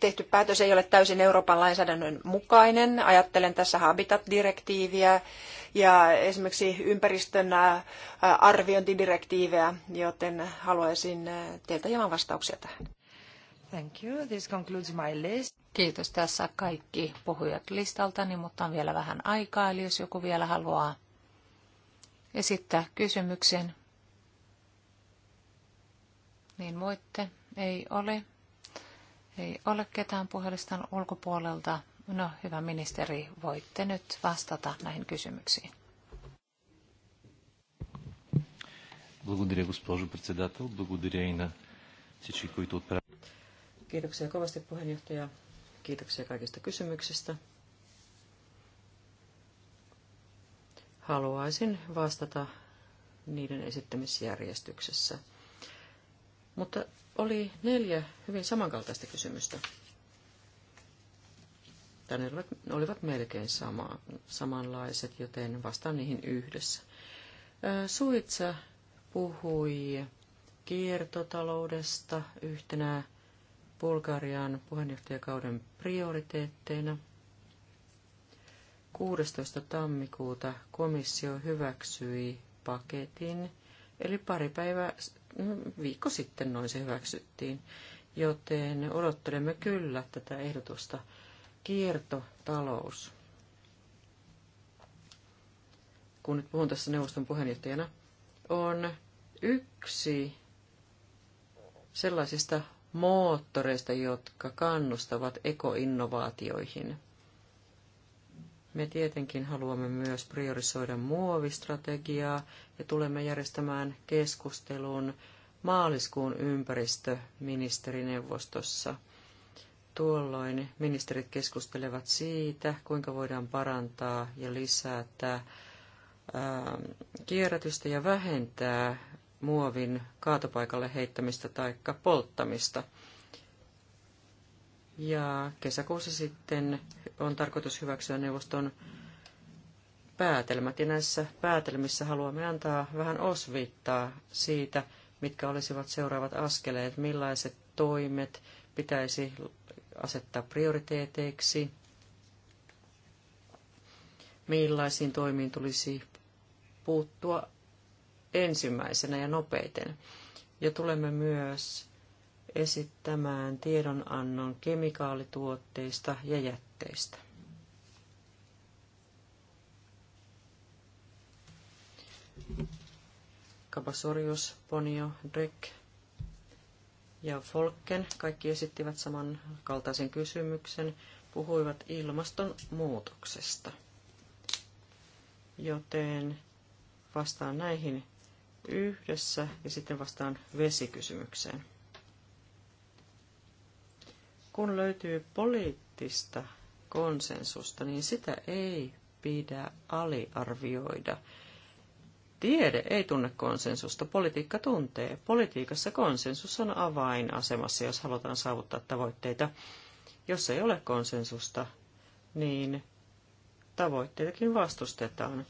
tehty päätös ei ole täysin Euroopan lainsäädännön mukainen. Ajattelen tässä Habitat-direktiiviä ja esimerkiksi ympäristön äh, arviointidirektiivejä, joten haluaisin äh, teiltä hieman vastauksia tähän. Thank you. This concludes my list. Kiitos tässä kaikki puhujat listaltani, mutta on vielä vähän aikaa, eli jos joku vielä haluaa esittää kysymyksen, niin voitte. Ei ole. Ei ole ketään puhelistan ulkopuolelta. No, hyvä ministeri, voitte nyt vastata näihin kysymyksiin. Благодаря, госпожо председател. Благодаря и на всички, които отправят. Kiitoksia kovasti puheenjohtaja. Kiitoksia kaikista kysymyksistä. Haluaisin vastata niiden esittämisjärjestyksessä. Mutta oli neljä hyvin samankaltaista kysymystä. Tai ne olivat, ne olivat melkein sama, samanlaiset, joten vastaan niihin yhdessä. Suitsa puhui kiertotaloudesta yhtenä Bulgarian puheenjohtajakauden prioriteetteina. 16. tammikuuta komissio hyväksyi paketin, eli pari päivää viikko sitten noin se hyväksyttiin. Joten odottelemme kyllä tätä ehdotusta. Kiertotalous. Kun nyt puhun tässä neuvoston puheenjohtajana, on yksi sellaisista moottoreista, jotka kannustavat ekoinnovaatioihin. Me tietenkin haluamme myös priorisoida muovistrategiaa ja tulemme järjestämään keskustelun maaliskuun ympäristöministerineuvostossa. Tuolloin ministerit keskustelevat siitä, kuinka voidaan parantaa ja lisätä ää, ähm, kierrätystä ja vähentää muovin kaatopaikalle heittämistä tai polttamista – ja kesäkuussa sitten on tarkoitus hyväksyä neuvoston päätelmät. Ja näissä päätelmissä haluamme antaa vähän osviittaa siitä, mitkä olisivat seuraavat askeleet, millaiset toimet pitäisi asettaa prioriteeteiksi, millaisiin toimiin tulisi puuttua ensimmäisenä ja nopeiten. Ja tulemme myös esittämään tiedonannon kemikaalituotteista ja jätteistä. Kapasorius, Ponio, Dreck ja Folken kaikki esittivät samankaltaisen kysymyksen, puhuivat ilmastonmuutoksesta. Joten vastaan näihin yhdessä ja sitten vastaan vesikysymykseen kun löytyy poliittista konsensusta, niin sitä ei pidä aliarvioida. Tiede ei tunne konsensusta, politiikka tuntee. Politiikassa konsensus on avainasemassa, jos halutaan saavuttaa tavoitteita. Jos ei ole konsensusta, niin tavoitteitakin vastustetaan.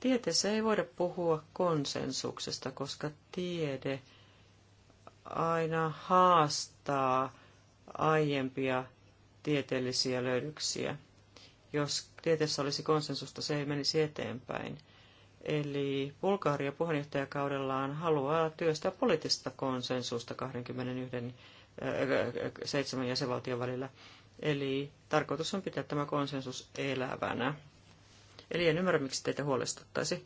Tieteessä ei voida puhua konsensuksesta, koska tiede aina haastaa aiempia tieteellisiä löydöksiä. Jos tieteessä olisi konsensusta, se ei menisi eteenpäin. Eli Bulgaria puheenjohtajakaudellaan haluaa työstää poliittista konsensusta 27 äh, jäsenvaltion välillä. Eli tarkoitus on pitää tämä konsensus elävänä. Eli en ymmärrä, miksi teitä huolestuttaisi.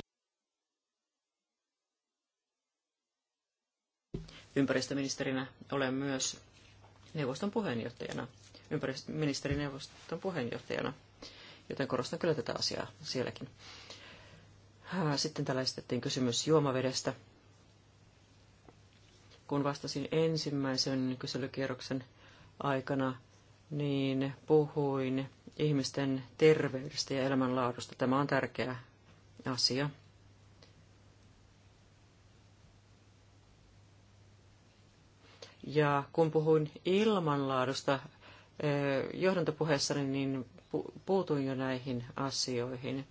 Ympäristöministerinä olen myös neuvoston puheenjohtajana, ympäristöministerineuvoston puheenjohtajana, joten korostan kyllä tätä asiaa sielläkin. Sitten täällä esitettiin kysymys juomavedestä. Kun vastasin ensimmäisen kyselykierroksen aikana, niin puhuin ihmisten terveydestä ja elämänlaadusta. Tämä on tärkeä asia. Ja kun puhuin ilmanlaadusta eh, johdantopuheessani, niin puutuin jo näihin asioihin.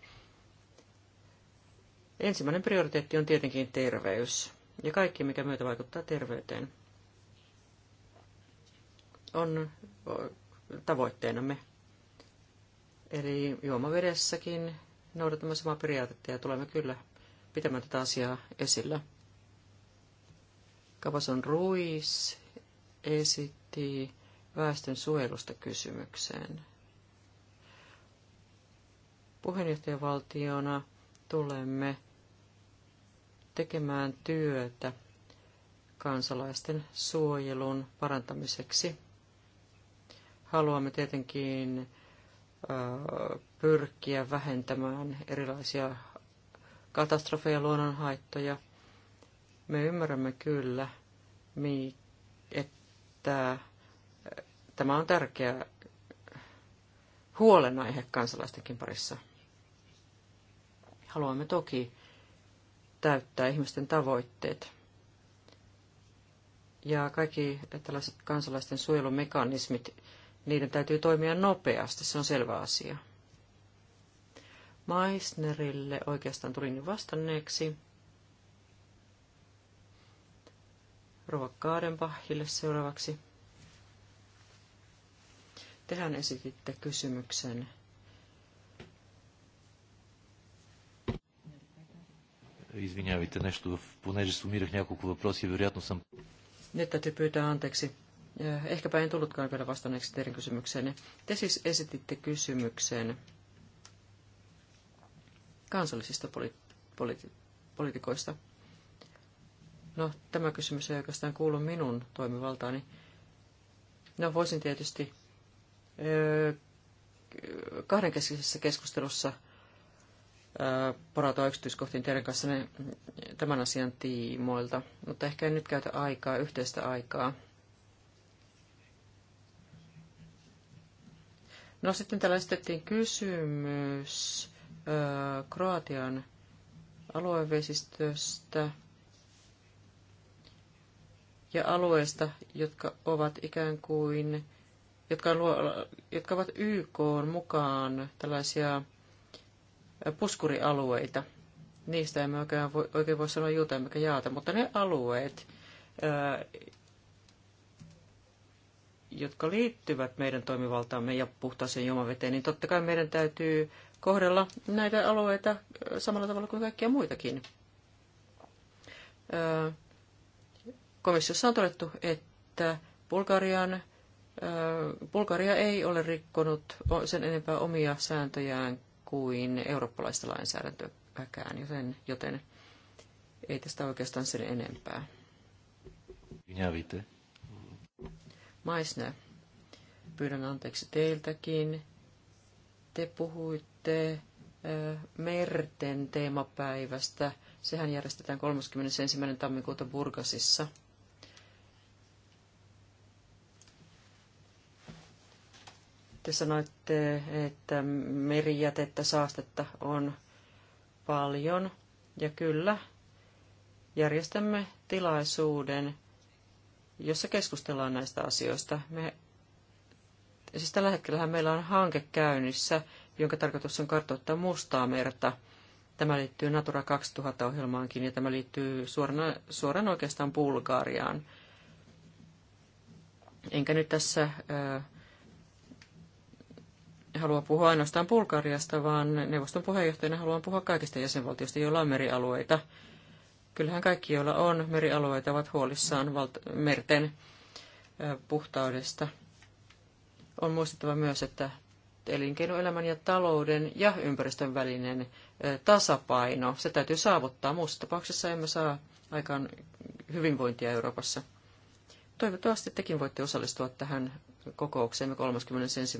Ensimmäinen prioriteetti on tietenkin terveys ja kaikki, mikä myötä vaikuttaa terveyteen, on tavoitteenamme. Eli juomavedessäkin noudatamme samaa periaatetta ja tulemme kyllä pitämään tätä asiaa esillä. on ruis esitti väestön suojelusta kysymykseen. Puheenjohtajavaltiona tulemme tekemään työtä kansalaisten suojelun parantamiseksi. Haluamme tietenkin pyrkiä vähentämään erilaisia katastrofeja, luonnonhaittoja. Me ymmärrämme kyllä, että että äh, tämä on tärkeä huolenaihe kansalaistenkin parissa. Haluamme toki täyttää ihmisten tavoitteet. Ja kaikki tällaiset kansalaisten suojelumekanismit, niiden täytyy toimia nopeasti, se on selvä asia. Meissnerille oikeastaan tulin vastanneeksi. Rova Kaadenpahille seuraavaksi. Tehän esititte kysymyksen. Извинявайте нещо, понеже сумирах няколко въпроси, вероятно съм... Nyt täytyy pyytää anteeksi. Ehkäpä en tullutkaan vielä vastanneeksi teidän kysymykseenne. Te siis esititte kysymyksen kansallisista poli- poli- poli- Poli- No, tämä kysymys ei oikeastaan kuulu minun toimivaltaani. No, voisin tietysti öö, kahdenkeskisessä keskustelussa porautua yksityiskohtiin teidän kanssa ne, tämän asian tiimoilta, mutta ehkä en nyt käytä aikaa, yhteistä aikaa. No sitten täällä esitettiin kysymys Kroatian aluevesistöstä ja alueista, jotka ovat ikään kuin, jotka, luo, jotka ovat YK mukaan tällaisia puskurialueita. Niistä emme oikein voi, oikein voi sanoa juuta emmekä jaata, mutta ne alueet, jotka liittyvät meidän toimivaltaamme ja puhtaaseen juomaveteen, niin totta kai meidän täytyy kohdella näitä alueita samalla tavalla kuin kaikkia muitakin. Komissiossa on todettu, että Bulgarian, Bulgaria ei ole rikkonut sen enempää omia sääntöjään kuin eurooppalaista lainsäädäntöäkään, joten, joten ei tästä oikeastaan sen enempää. Minävite. Maisne, pyydän anteeksi teiltäkin. Te puhuitte merten teemapäivästä. Sehän järjestetään 31. tammikuuta Burgasissa. Te sanoitte, että merijätettä, saastetta on paljon. Ja kyllä, järjestämme tilaisuuden, jossa keskustellaan näistä asioista. Me, siis tällä hetkellä meillä on hanke käynnissä, jonka tarkoitus on kartoittaa Mustaa merta. Tämä liittyy Natura 2000-ohjelmaankin ja tämä liittyy suoraan, suoraan oikeastaan Bulgariaan. Enkä nyt tässä halua puhua ainoastaan Bulgariasta, vaan neuvoston puheenjohtajana haluan puhua kaikista jäsenvaltioista, joilla on merialueita. Kyllähän kaikki, joilla on merialueita, ovat huolissaan valt- merten puhtaudesta. On muistettava myös, että elinkeinoelämän ja talouden ja ympäristön välinen tasapaino, se täytyy saavuttaa. Muussa tapauksessa emme saa aikaan hyvinvointia Euroopassa. Toivottavasti tekin voitte osallistua tähän kokoukseemme 31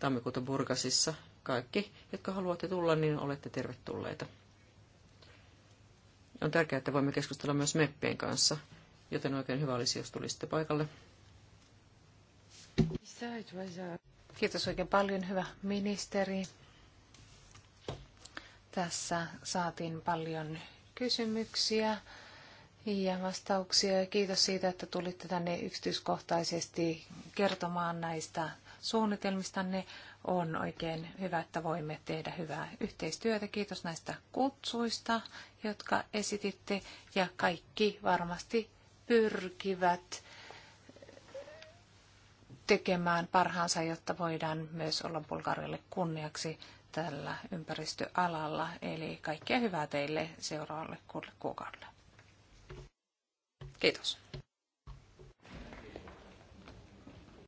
tammikuuta Burgasissa. Kaikki, jotka haluatte tulla, niin olette tervetulleita. On tärkeää, että voimme keskustella myös meppien kanssa, joten oikein hyvä olisi, jos tulisitte paikalle. Kiitos oikein paljon, hyvä ministeri. Tässä saatiin paljon kysymyksiä ja vastauksia. Kiitos siitä, että tulitte tänne yksityiskohtaisesti kertomaan näistä suunnitelmistanne. On oikein hyvä, että voimme tehdä hyvää yhteistyötä. Kiitos näistä kutsuista, jotka esititte ja kaikki varmasti pyrkivät tekemään parhaansa, jotta voidaan myös olla Bulgarialle kunniaksi tällä ympäristöalalla. Eli kaikkea hyvää teille seuraavalle kuukaudelle. Kiitos.